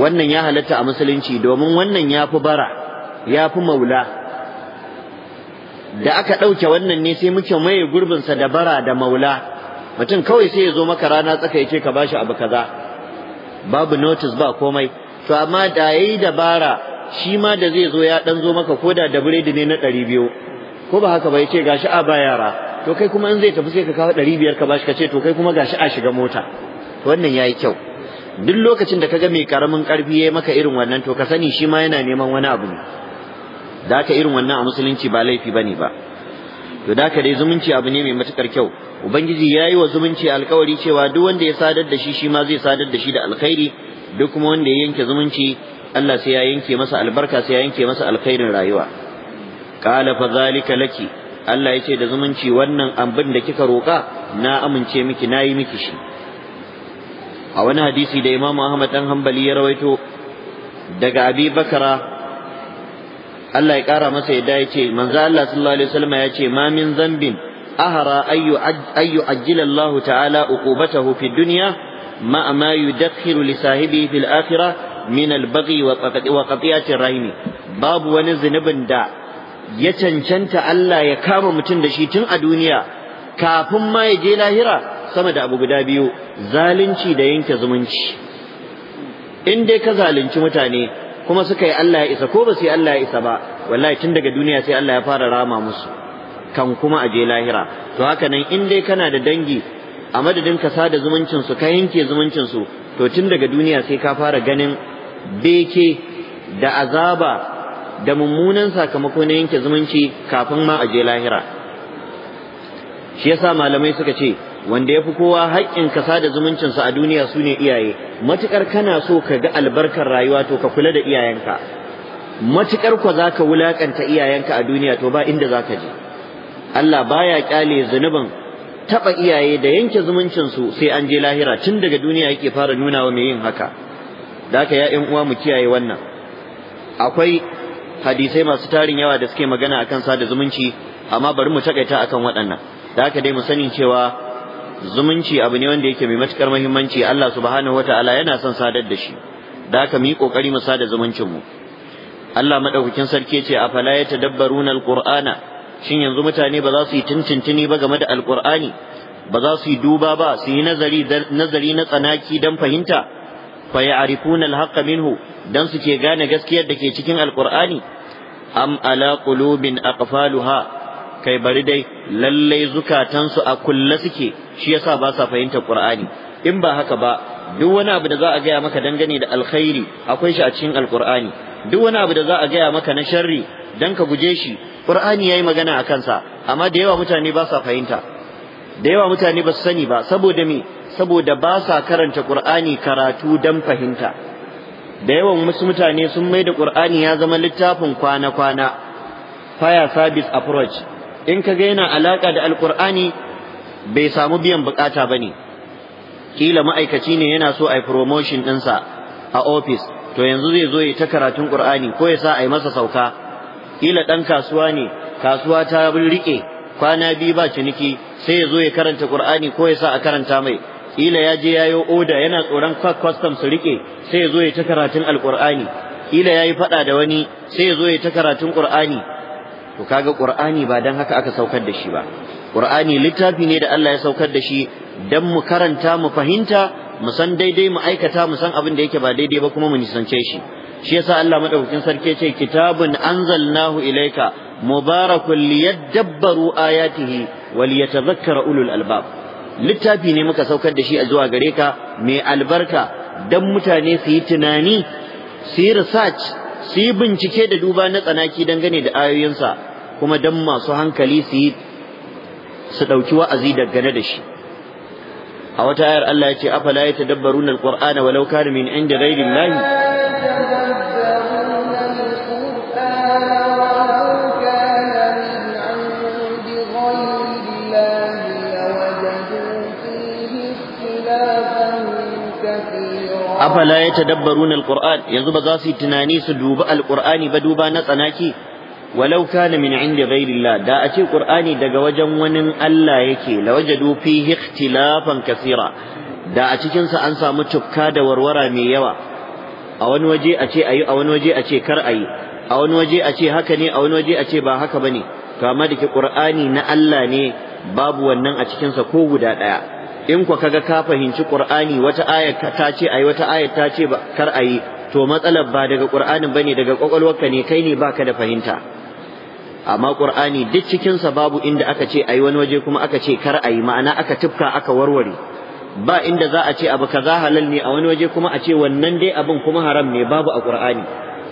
wannan ya halatta a musulunci domin wannan ya fi bara ya fi maula da aka ɗauke wannan ne sai muke maye sa da bara da maula mutum kawai sai ya zo maka rana tsaka ya ce ka bashi abu kaza babu notice ba komai to amma da yayi dabara shi ma da zai zo ya dan zo maka koda da biredi ne na ɗari biyu ko ba haka ba yace ce gashi a ba yara to kai kuma in zai tafi sai ka kawo ɗari biyar ka bashi ka to kai kuma gashi a shiga mota To wannan yayi kyau duk lokacin da ka ga mai karamin karfi ya maka irin wannan to ka sani shi ma yana neman wani abu ne da ka irin wannan a musulunci ba laifi ba ne ba to da ka dai zumunci abu ne mai matukar kyau ubangiji ya yi wa zumunci alkawari cewa duk wanda ya sadar da shi shi ma zai sadar da shi da alkhairi duk kuma wanda ya yanke zumunci Allah sai ya yanke masa albarka sai ya yanke masa alkhairin rayuwa qala fa zalika laki Allah ya ce da zumunci wannan abin da kika roƙa na amince miki nayi miki shi a wani hadisi da Imam Ahmad dan Hanbali ya rawaito daga Abi Bakara Allah ya ƙara masa yadda ya ce manzo Allah sallallahu alaihi wasallam ya ce ma min zambin ahara ayu ajjila Allah ta'ala uqubatahu fi dunya مع ما يدخل لصاحبه في الآخرة من البغي وقطيعة الرحم باب ونزنب دا يتنشنت ألا يكام متندشيتن أدونيا كافم ما يجي لاهرة sama da abu guda biyu zalunci da yanke zumunci in dai ka zalunci mutane kuma suka yi Allah ya isa ko ba sai yi Allah ya isa ba wallahi tun daga duniya sai Allah ya fara rama musu kan kuma aje lahira to haka nan in dai kana da dangi a madadin ka sada zumuncin su ka yanke zumuncin su to tun daga duniya sai ka fara ganin beke da azaba da mummunan sakamako na yanke zumunci kafin ma a je lahira shi yasa malamai suka ce wanda ya fi kowa haƙƙin ka sada zumuncin su a duniya su ne iyaye matukar kana so ka ga albarkar rayuwa to ka kula da iyayenka matukar ko za ka wulakanta iyayenka a duniya to ba inda za ka je Allah baya ƙyale zunubin Taɓa iyaye da yanke zumuncin su sai an je lahira tun daga duniya yake fara nuna wa mai yin haka da haka ya uwa mu kiyaye wannan akwai hadisai masu tarin yawa da suke magana akan sada zumunci amma bari mu takaita akan waɗannan da haka dai mu sani cewa zumunci abu ne wanda yake mai matukar muhimmanci Allah subhanahu wataala yana son sadar da shi da haka mu yi kokari mu sada zumuncin mu Allah madaukakin sarki ce a afala tadabbaruna alqur'ana shin yanzu mutane ba za su yi tuntuntuni ba game da alkur'ani ba za su yi duba ba su yi nazari nazari na tsanaki dan fahimta fa ya'rifuna al-haqqa minhu dan su ke gane gaskiyar da ke cikin alkur'ani am ala qulubin aqfaluha kai bari dai lallai zukatansu a kulle suke shi yasa ba sa fahimtar qur'ani in ba haka ba duk wani abu da za a gaya maka dangane da alkhairi akwai shi a cikin alkur'ani duk wani abu da za a gaya maka na sharri dan ka guje shi qur'ani yayi magana a kansa amma da yawa mutane ba sa fahimta da yawa mutane ba su sani ba saboda me saboda ba sa karanta qur'ani karatu dan fahimta da yawan wasu mutane sun mai da qur'ani ya zama littafin kwana kwana fire service approach in ka ga yana alaka da alqur'ani bai samu biyan bukata ne. kila ma'aikaci ne yana so a yi promotion ɗinsa a office to yanzu zai zo ya ta karatun qur'ani ko ya sa a yi masa sauka kila ɗan kasuwa ne kasuwa ta rike kwana biyu ba ciniki sai yazo ya karanta qur'ani ko ya sa a karanta mai kila ya je yayo oda yana tsoron kwastam su rike sai ya zo ya ta karatun alqur'ani kila yayi faɗa da wani sai ya zo ya ta karatun qur'ani to kaga qur'ani ba dan haka aka saukar da shi ba qur'ani littafi ne da Allah ya saukar da shi dan mu karanta mu fahimta mu san daidai mu aikata mu san abin da yake ba daidai ba kuma mu nisance shi shi yasa Allah madaukakin sarki ce, kitabun anzalnahu ilayka mubarakun liyadabbaru ayatihi wa liyatadhakkara ulul albab littafi ne muka saukar da shi a zuwa gare ka mai albarka dan mutane su yi tunani su yi research su yi bincike da duba na tsanaki dangane da ayoyinsa kuma dan masu hankali su yi su ɗauki wa'azi dangane da shi a wata ayar Allah ya ce afala yatadabbaruna alqur'ana walau kana min inda ghairi llahi afala ya yatadabbaruna alquran yanzu ba za su yi tunani su dubi alqurani ba duba na tsanaki walau kana min indi ghairillah da a ce qur'ani daga wajen wani Allah yake wajadu fi ikhtilafan kaseera da a cikin sa an samu tukka da warwara mai yawa a wani waje a ce ayi a wani waje a ce kar ayi a wani waje a ce haka ne a wani waje a ce ba haka bane to amma da ke qur'ani na Allah ne babu wannan a cikin sa ko guda daya in ku kaga ka fahimci Qur'ani wata aya ta ce ayi wata aya ta ce kar ayi to matsalar ba daga Qur'anin bane daga kwakwalwarka ne kai ne baka da fahimta amma Qur'ani duk cikin sa babu inda aka ce ayi wani waje kuma aka ce kar ayi ma'ana aka tufka aka warware ba inda za a ce abu kaza halal ne a wani waje kuma a ce wannan dai abin kuma haram ne babu a Qur'ani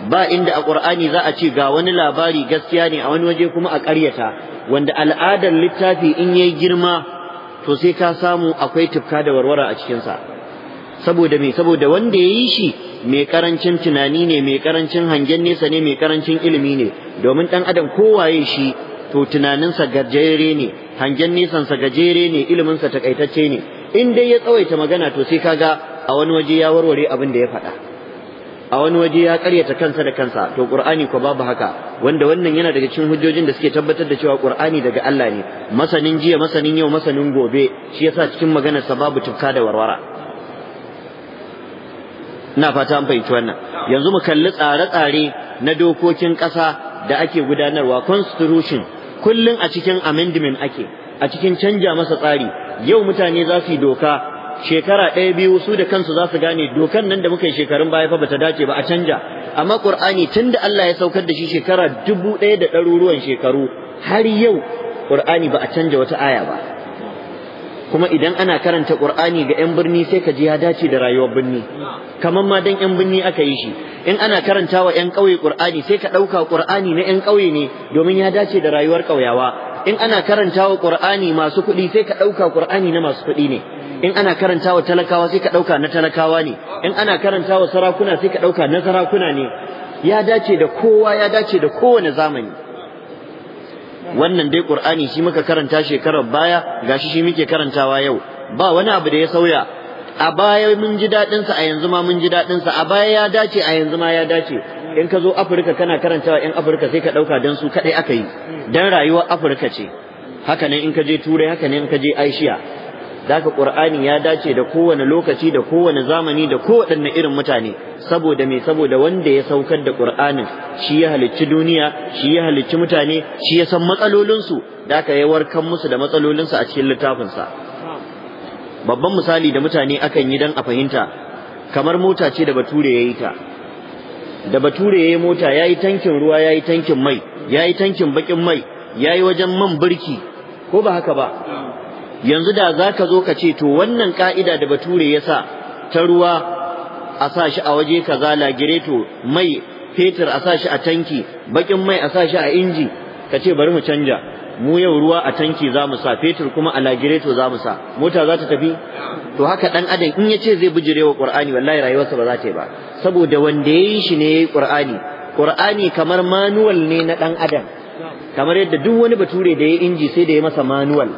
ba inda a Qur'ani za a ce ga wani labari gaskiya ne a wani waje kuma a ƙaryata wanda al'adar littafi in yayi girma to sai ka samu akwai tufka da warwara a cikinsa saboda me saboda wanda ya yi shi mai karancin tunani ne mai karancin hangen nesa ne mai karancin ilimi ne domin ɗan adam kowaye shi to tunaninsa gajere ne hangen nesansa gajere ne iliminsa takaitacce ne in dai ya tsawaita magana to sai ka ga a wani waje ya warware abin da ya faɗa a wani waje ya karyata kansa da kansa to qur'ani ko babu haka wanda wannan yana daga cikin hujjojin da suke tabbatar da cewa qur'ani daga Allah ne masanin jiya masanin yau masanin gobe shi yasa cikin maganar sa babu tufka da warwara ina fata an fahimci wannan yanzu mu kalli tsare-tsare na dokokin ƙasa da ake gudanarwa constitution kullun a cikin amendment ake a cikin canja masa tsari yau mutane za su yi doka shekara ɗaya biyu su da kansu za su gane dokan nan da muka yi shekarun baya fa bata dace ba a canja amma qur'ani da Allah ya saukar da shi shekara dubu ɗaya da ɗaruruwan shekaru har yau qur'ani ba a canja wata aya ba kuma idan ana karanta qur'ani ga yan birni sai ka ji ya dace da rayuwar birni kamar ma dan yan birni aka yi shi in ana karanta wa yan ƙauye qur'ani sai ka ɗauka qur'ani na yan ƙauye ne domin ya dace da rayuwar ƙauyawa in ana karanta wa qur'ani masu kuɗi sai ka ɗauka qur'ani na masu kuɗi ne in ana karantawa talakawa sai ka ɗauka na talakawa ne in ana karantawa sarakuna sai ka ɗauka na sarakuna ne ya dace da kowa ya dace da kowane zamani wannan dai qur'ani shi muka karanta shekarar baya gashi shi muke karantawa yau ba wani abu da ya sauya a baya mun ji daɗin sa a yanzu ma mun ji daɗin sa a baya ya dace a yanzu ma ya dace in ka zo Afirka kana karantawa in Afirka sai ka ɗauka dan su kaɗai aka yi dan rayuwar Afirka ce haka ne in ka je Turai haka ne in ka je Aishiya zaka qur'ani ya dace da kowane lokaci da kowane zamani da kowaɗanne irin mutane saboda me saboda wanda ya saukar da qur'anin shi ya halicci duniya shi ya halicci mutane shi ya san matsalolinsu daka ya warkar musu da matsalolinsu a cikin littafinsa babban misali da mutane akan yi dan a fahimta kamar mota ce da bature ya yi ta da bature ya yi mota ya yi tankin ruwa ya yi tankin mai ya yi tankin bakin mai ya yi wajen man birki ko ba haka ba yanzu da za ka zo ka ce to wannan ka'ida da bature ya sa ta ruwa a sa shi a waje kaza lagireto mai fetur a sa shi a tanki bakin mai a sa shi a inji ka ce bari mu canja mu yau ruwa a tanki za mu sa fetur kuma a lagireto za mu sa mota za ta tafi to haka dan adam in ya ce zai bijire wa qur'ani wallahi rayuwarsa ba za ta yi ba saboda wanda ya yi shi ne ya yi qur'ani qur'ani kamar manuwal ne na dan adam kamar yadda duk wani bature da ya inji sai da ya masa manuwal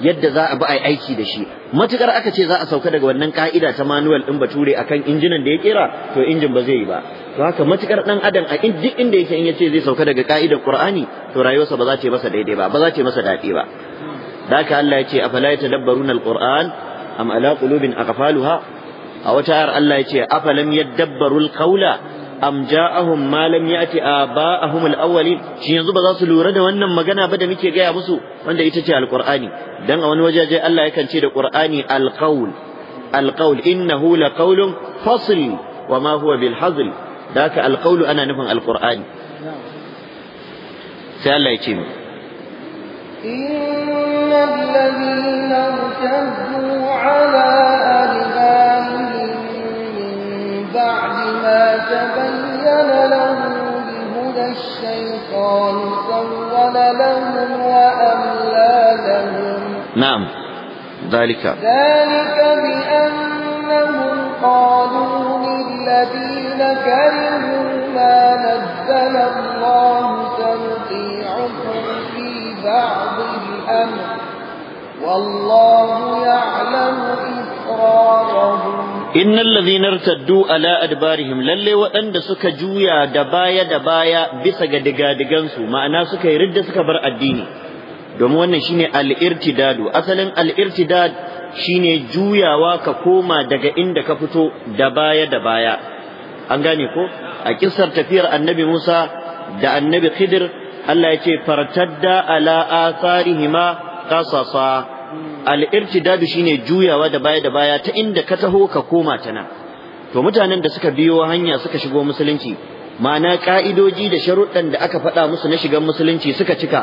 yadda za a bi a aiki da shi matukar aka ce za a sauka daga wannan ka'ida ta manual din bature akan injinan da ya kera to injin ba zai yi ba to haka matukar dan adam a duk inda yake in yace zai sauka daga ka'idar qur'ani to rayuwarsa ba za ta yi masa daidai ba ba za ta yi masa daɗi ba da haka Allah ya ce afala yatadabbaruna alquran am ala qulubin aqfaluha a wata ayar Allah ya ce afalam yadabbarul qawla am ja'ahum ma lam ya'ti aba'ahum al-awwalin shi yanzu ba za su lura da wannan magana ba da muke gaya musu wanda ita ce alqur'ani dan a wani wajaje Allah yakan ce da qur'ani alqaul alqaul innahu laqaulun fasl wa ma huwa bil hazl daka alqaul ana nufin alqur'ani sai Allah ya ce mu تبين له بهدى الشيطان سول لهم وأملى لهم نعم ذلك ذلك بأنهم قالوا للذين كرهوا ما نزل الله سنطيعكم في بعض الأمر والله يعلم إسرارهم innal ladhina irtaddu ala adbarihim lalle waɗanda suka juya da baya da baya bisa ga digadigan su ma'ana suka yi ridda suka bar addini domin wannan shine al-irtidadu asalin al-irtidad shine juyawa ka koma daga inda ka fito da baya da baya an gane ko a kissar tafiyar annabi Musa da annabi Khidir Allah ya ce fartadda ala atharihima qasasa al-irtidadu shine juyawa da baya da baya ta inda ka taho ka koma ta nan to mutanen da suka biyo hanya suka shigo musulunci ma'ana ka'idoji da sharuɗan da aka faɗa musu na shigan musulunci suka cika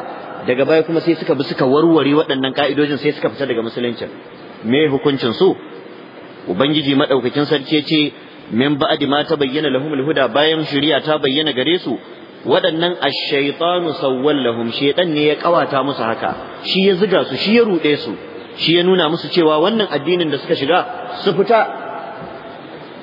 daga baya kuma sai suka bi suka warware waɗannan ka'idojin sai suka fita daga musuluncin me hukuncin su ubangiji madaukakin sarki ya ce min ba'di ma ta bayyana lahumul huda bayan shari'a ta bayyana gare su waɗannan ash-shaytanu sawwallahum shaytan ne ya kawata musu haka shi ya ziga su shi ya rude su shi ya nuna musu cewa wannan addinin da suka shiga su fita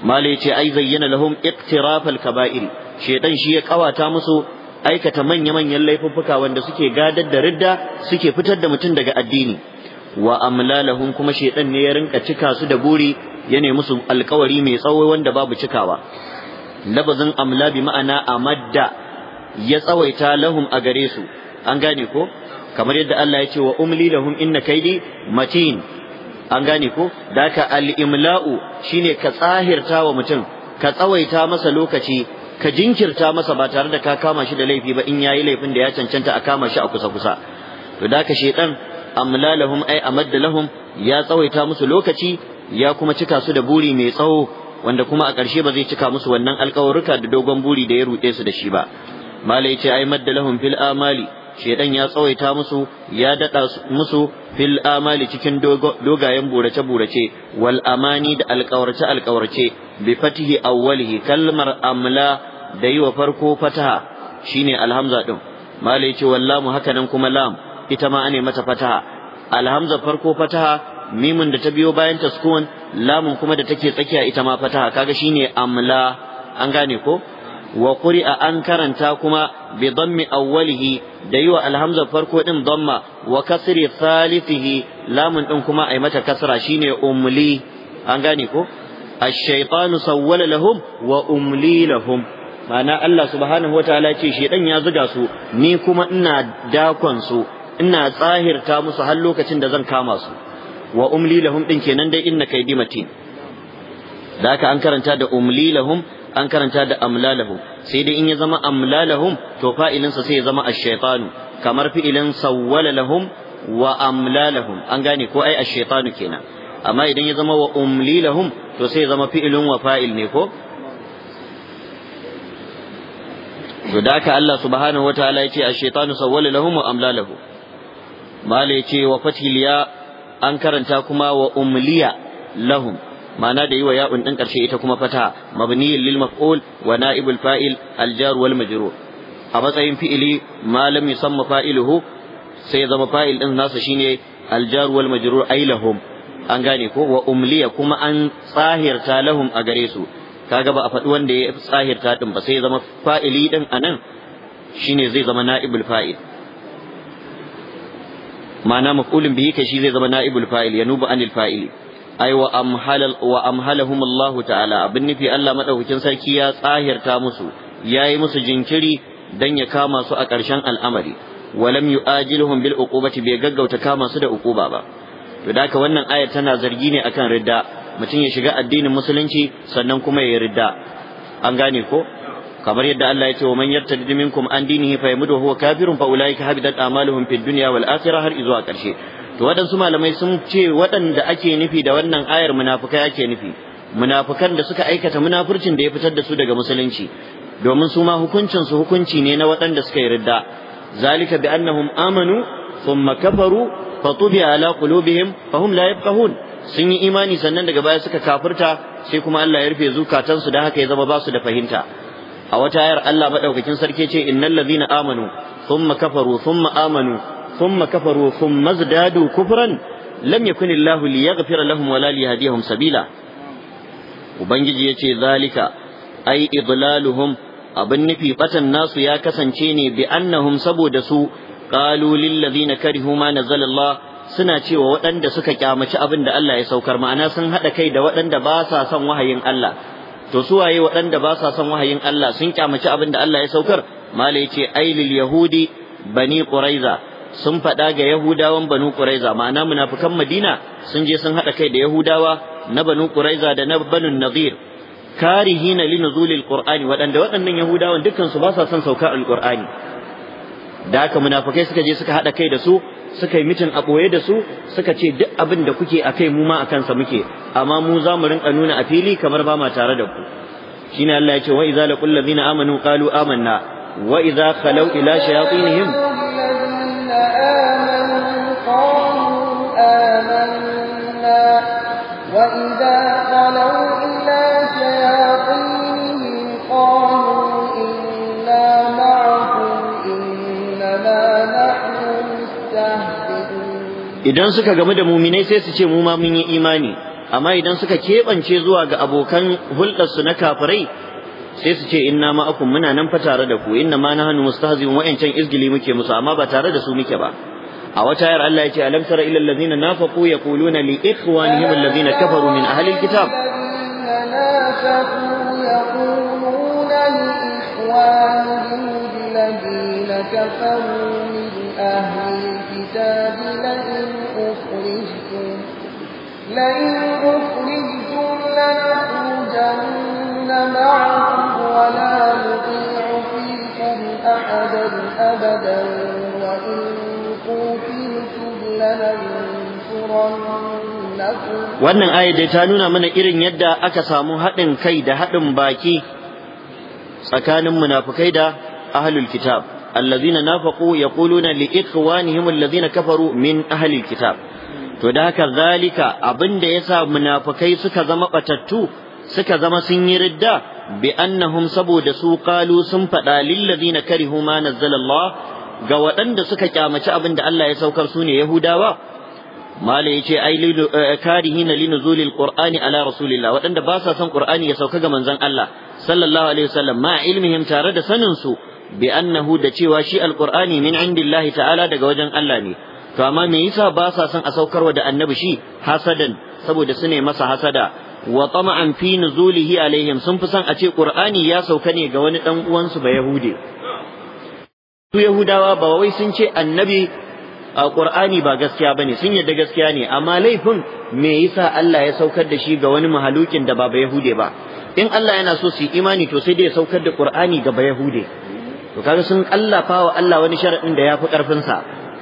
malai ce ai zayyana lahum iqtirafal kaba'ir shaytan shi ya kawata musu aikata manya-manyan laifuffuka wanda suke gadar da ridda suke fitar da mutum daga addini wa amlalahum kuma shaytan ne ya rinka cika su da buri ya nemi su alkawari mai tsawo wanda babu cikawa labazin amla bi ma'ana amadda ya tsawaita lahum a gare su an gane ko kamar yadda Allah ya ce wa umli lahum inna kaidi matin an gane ko daka al-imla'u shine ka tsahirta wa mutum ka tsawaita masa lokaci ka jinkirta masa ba tare da ka kama shi da laifi ba in yayi laifin da ya cancanta a kama shi a kusa kusa to daka shedan amla lahum ay amadda lahum ya tsawaita musu lokaci ya kuma cika su da buri mai tsawo wanda kuma a ƙarshe ba zai cika musu wannan alƙawarruka da dogon buri da ya ruɗe su da shi ba malai ce ai madda lahum fil amali shedan ya tsawaita musu ya dada musu fil amali cikin dogayen burace burace wal amani da alƙawarce alƙawarce bi fatihi awwalihi kalmar amla da yi wa farko fataha shine alhamza din ce wallahu haka hakanan kuma lam ita ma ane mata fataha alhamza farko fataha mimun da ta biyo bayan taskun lamun kuma da take tsakiya ita ma fataha kaga shine amla an gane ko wa a an karanta kuma bi dammi awwalihi da yiwa alhamza farko din damma wa kasri thalithihi lamun din kuma ai mata kasra shine umli an gane ko ash-shaytanu sawwala lahum wa umli lahum ma'ana Allah subhanahu wataala ce shedan ya zuga su ni kuma ina dakon su ina tsahirta musu har lokacin da zan kama su wa umli lahum din kenan dai inna kaydi matin da haka an karanta da umli lahum an karanta da amlalahum sai dai in ya zama amlalahum to fa'ilinsa sai ya zama ash-shaytanu kamar fi'ilin sawwala lahum wa amlalahum an gane ko ai ash-shaytanu kenan amma idan ya zama wa umli lahum to sai ya zama fi'ilun wa fa'il ne ko to da haka Allah subhanahu wataala ya ce ash-shaytanu sawwala lahum wa amlalahu mala ya ce wa fatil an karanta kuma wa umliya lahum ma'ana da yi wa ya'un din karshe ita kuma fata mabniyin lil maf'ul wa na'ibul fa'il al jar wal a matsayin fi'ili ma lam yusamma fa'iluhu sai zama fa'il din nasa shine al jar wal majrur ay an gane ko wa umliya kuma an tsahirta lahum a gare su kaga ba a faɗi wanda ya tsahirta din ba sai zama fa'ili din anan shine zai zama na'ibul fa'il ma'ana maf'ulin bihi kai shi zai zama na'ibul fa'il ya nuba anil fa'ili ai wa amhalal wa amhalahum Allah ta'ala abin nufi Allah madaukakin sarki ya tsahirta musu yayi musu jinkiri dan ya kama su a ƙarshen al'amari walam yu'ajiluhum bil uqubati bai gaggauta kama su da uquba ba to da wannan ayar tana zargi ne akan ridda mutum ya shiga addinin musulunci sannan kuma ya ridda an gane ko kamar yadda Allah ya ce wa man yartadid minkum an dinihi fa yamudu huwa kafirun fa ulaika habidat a'maluhum fid dunya wal akhirah har izuwa ƙarshe to waɗansu malamai sun ce waɗanda ake nufi da wannan ayar munafukai ake nufi munafukan da suka aikata munafurcin da ya fitar da su daga musulunci domin su ma hukuncin su hukunci ne na waɗanda suka yi ridda zalika bi annahum amanu thumma kafaru fatubi ala qulubihim hum la yafqahun sun yi imani sannan daga baya suka kafirta sai kuma Allah ya rufe su da haka ya zama ba su da fahimta a wata ayar Allah madaukakin sarki ce innal ladina amanu thumma kafaru thumma amanu ثم كفروا ثم ازدادوا كفرا لم يكن lahu ليغفر لهم ولا ليهديهم سبيلا ubangiji ya ce zalika ai idlaluhum abin nufi batan nasu ya kasance ne bi annahum saboda su qalu lil ladina karihu ma nazalallah suna cewa waɗanda suka kyamaci abin da Allah ya saukar ma'ana sun haɗa kai da waɗanda ba sa son wahayin Allah to su waye waɗanda ba sa son wahayin Allah sun kyamaci abin da Allah ya saukar mala yace ai yahudi bani kuraiza? sun faɗa ga Yahudawan Banu Quraiza ma'ana munafikan Madina sun je sun haɗa kai da Yahudawa na Banu Quraiza da na Banu Nadir karihina li nuzulil Qur'ani waɗanda waɗannan Yahudawan dukkan su ba sa son sauka alqur'ani da aka munafikai suka je suka haɗa kai da su suka yi mitin a ɓoye da su suka ce duk abin da kuke a kai mu ma a kansa muke amma mu za mu rinka nuna a fili kamar ba ma tare da ku shine Allah ya ce wa idza laqul ladina amanu qalu amanna wa idza khalau ila shayatinihim آمنوا قالوا آمنا وإذا خلوا إلى شياطينهم قالوا إنا معكم إنما نحن مستهزئون idan suka gamu da muminai sai su ce mu ma mun yi imani amma idan suka keɓance zuwa ga abokan hulɗarsu na kafirai sai su ce inna ma akum muna nan fa tare da ku inna ma nahnu mustahzi'un wa'ancan izgili muke musu amma ba tare da su muke ba a wata yar Allah ya ce alam tara ila allazina nafaqu yaquluna li ikhwanihim allazina kafaru min ahli alkitab كفروا لئن أخرجتم لنخرجن معكم أبدا wannan ayar dai ta nuna mana irin yadda aka samu haɗin kai da haɗin baki tsakanin munafukai da ahlul kitab allazina nafaqu yaquluna li ikhwanihim allazina kafaru min ahlil kitab to da haka zalika abinda yasa munafukai suka zama batattu suka zama sun yi ridda bi annahum saboda su qalu sun faɗa lillazina karihu ma nazzalallah ga waɗanda suka kyamaci abin da Allah ya saukar su ne Yahudawa mala yace ai eh, karihina linuzulil qur'ani ala rasulillah waɗanda ba sa son qur'ani ya sauka ga manzon Allah sallallahu alaihi wasallam ma ilmihim tare da sanin su bi annahu da cewa shi alqur'ani min indillahi ta'ala daga wajen Allah ne to amma me yasa ba sa son a saukarwa da annabi shi hasadan saboda su ne masa hasada wa tama'an fi nuzulihi alaihim sun fi son a ce qur'ani ya sauka ne ga wani dan uwansu ba yahude su yahudawa ba wai sun ce annabi a qur'ani ba gaskiya bane sun yadda gaskiya ne amma laifin me yasa Allah ya saukar da shi ga wani mahalukin da ba ba yahude ba in Allah yana so su yi imani to sai dai ya saukar da qur'ani ga ba yahude to kaga sun kallafawa Allah wani sharadin da ya fi karfin sa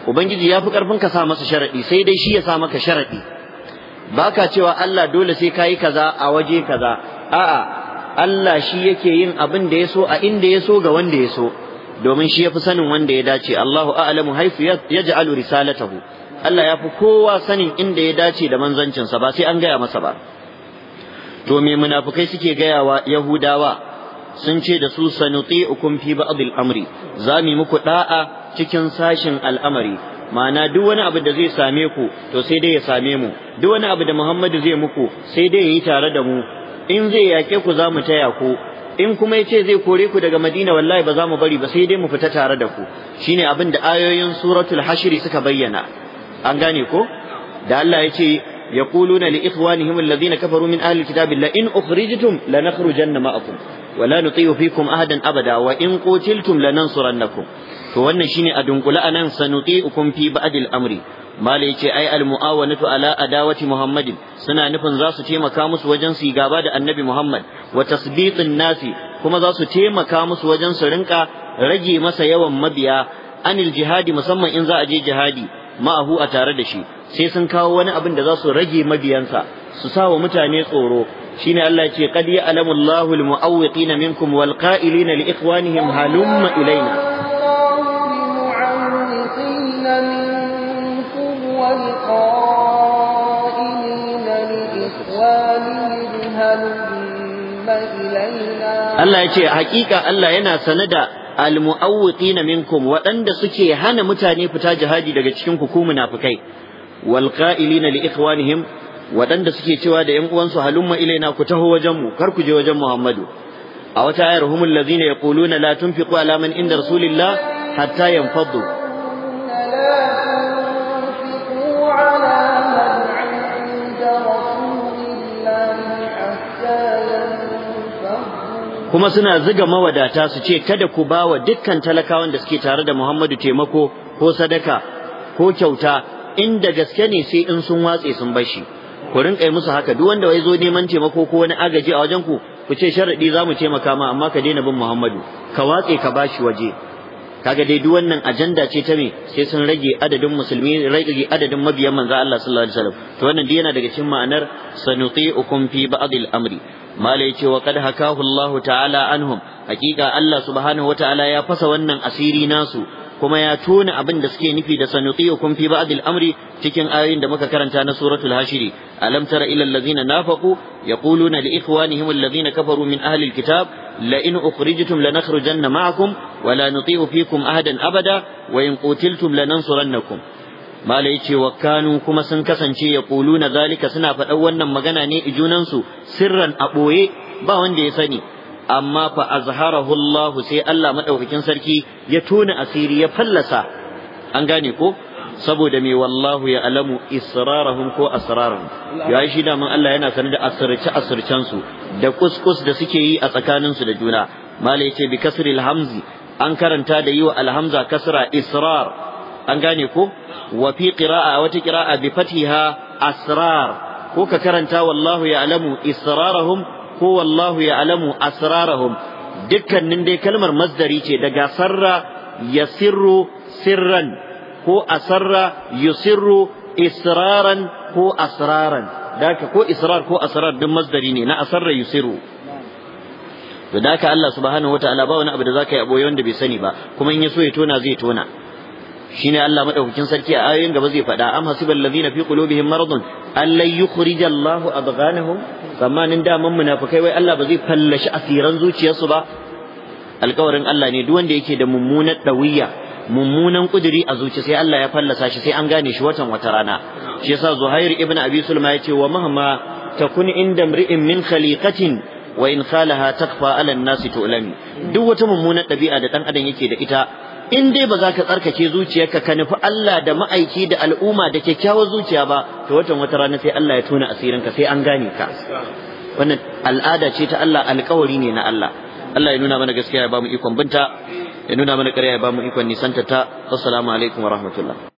ubangiji ya fi karfin ka sa masa sharadi sai dai shi ya sa maka sharadi baka cewa Allah dole sai ka yi kaza a waje kaza a'a Allah shi yake yin abin da ya so a inda ya so ga wanda ya so domin shi ya fi sanin wanda ya dace Allahu a'lamu haifu yaj'alu risalatahu Allah ya fi kowa sanin inda ya dace da manzancinsa ba sai an gaya masa ba to me munafukai suke gayawa yahudawa sun ce da su ukum fi ba'dil amri za mu muku da'a cikin sashin al'amari ma'ana duk wani abu da zai same ku to sai dai ya same mu duk wani abu da Muhammadu zai muku sai dai yayi tare da mu in zai yake ku za mu taya ku in kuma yace zai kore ku daga Madina wallahi ba za mu bari ba sai dai mu fita tare da ku shine abin da ayoyin suratul hashri suka bayyana an gane ko da Allah yace يقولون لإخوانهم الذين كفروا من أهل الكتاب لئن أخرجتم لنخرجن معكم ولا نطيع فيكم kotiltum أبدا وإن قتلتم لننصرنكم to wannan shine a dunkule anan sanuti ukum fi ba'dil amri mala yace ai al muawanatu ala adawati muhammadin suna nufin za su taimaka musu wajen su gaba da annabi muhammad wa tasbitin nasi kuma za su taimaka musu wajen su rinka rage masa yawan mabiya anil jihadi musamman in za a je jihadi ma'ahu a tare da shi sai sun kawo wani abin da za su rage mabiyansa su sa wa mutane tsoro shine Allah ce qad ya'lamu Allahu al-mu'awwiqina minkum wal qa'ilina li ikhwanihim halumma ilaina Allah ya ce haƙiƙa Allah yana sane da almu'awwiqina minkum waɗanda suke hana mutane fita jihadi daga cikin ku munafikai wal qa'ilina li ikhwanihim waɗanda suke cewa da ƴan uwansu halumma ilaina ku taho wajen mu kar ku je wajen Muhammadu a wata ayar humul ladzina yaquluna la tunfiqu ala man inda rasulillah hatta yanfaddu kuma suna ziga mawadata su ce kada ku ba wa dukkan talakawan da suke tare da Muhammadu taimako ko sadaka ko kyauta inda gaske ne sai in sun watse sun bashi ku yi musu haka duk wanda wai zo neman taimako ko wani agaji a wajen ku ku ce sharaɗi za mu taimaka ma amma ka daina bin Muhammadu ka watse ka bashi waje kaga dai duk wannan ajanda ce ta me sai sun rage adadin musulmi rage adadin mabiyan manzo Allah sallallahu alaihi wasallam to wannan dai yana daga cikin ma'anar sanuti'ukum fi ba'dil amri malai ce wa hakahu Allah ta'ala anhum hakika Allah subhanahu wata'ala ya fasa wannan asiri nasu kuma ya tona abin da suke nufi da sanuti'ukum fi ba'dil amri cikin ayoyin da muka karanta na suratul hashiri alam tara ila allazina nafaqu yaquluna li ikhwanihim allazina kafaru min ahli alkitab لئن أخرجتم لنخرجن معكم ولا نطيع فيكم أحدا أبدا وإن قتلتم لننصرنكم ما ليتي وكانوا كما سنكسن يقولون ذلك سنة فأولا مغانا ني إجونانسو سرا أبوي باوان دي سني أما فأظهره الله سي الله مدعوك كنسركي يتون أسيري يفلسا أنغاني كو saboda me wallahu ya alamu israrahum ko asrarahum ya shi da mun Allah yana sanar da asirce asircen su da kuskus da suke yi a tsakanin su da juna malai ce bi kasril an karanta da yi wa alhamza kasra israr an gane ko wa fi qira'a wata qira'a bi fatiha asrar ko ka karanta wallahu ya alamu israrahum ko wallahu ya alamu asrarahum dukkanin dai kalmar masdari ce daga sarra yasirru sirran ko asarra yusirru israran ko asraran daka ko israr ko asrar din masdari ne na asarra yusirru to daka Allah subhanahu wataala ba wani abu da zaka yi a boye wanda bai sani ba kuma in ya so ya tona zai tona shine Allah madaukakin sarki a ayoyin gaba zai faɗa am hasibal ladhina fi qulubihim maradun an lan yukhrija Allahu adghanahum zamanin damar munafikai wai Allah ba zai fallashi asiran zuciyarsu ba alƙawarin Allah ne duk wanda yake da mummunar ɗawiyya mummunan kuduri a zuci sai Allah ya fallasa shi sai an gane shi watan wata rana shi yasa Zuhair ibn Abi Sulma ce wa mahma takun inda mri'in min khaliqatin wa in khalaha takfa ala an-nasi tu'lami duk wata mummunan dabi'a da dan adam yake da ita in dai ba za ka tsarkake zuciyarka ka nufi Allah da ma'aiki da al'umma da kyakkyawar zuciya ba to watan wata rana sai Allah ya tona asirinka sai an gane ka wannan al'ada ce ta Allah alƙawari ne na Allah Allah ya nuna mana gaskiya ya ba mu ikon binta ya nuna mana ƙarya ya ba mu ikon nisanta ta assalamu alaikum wa rahmatullah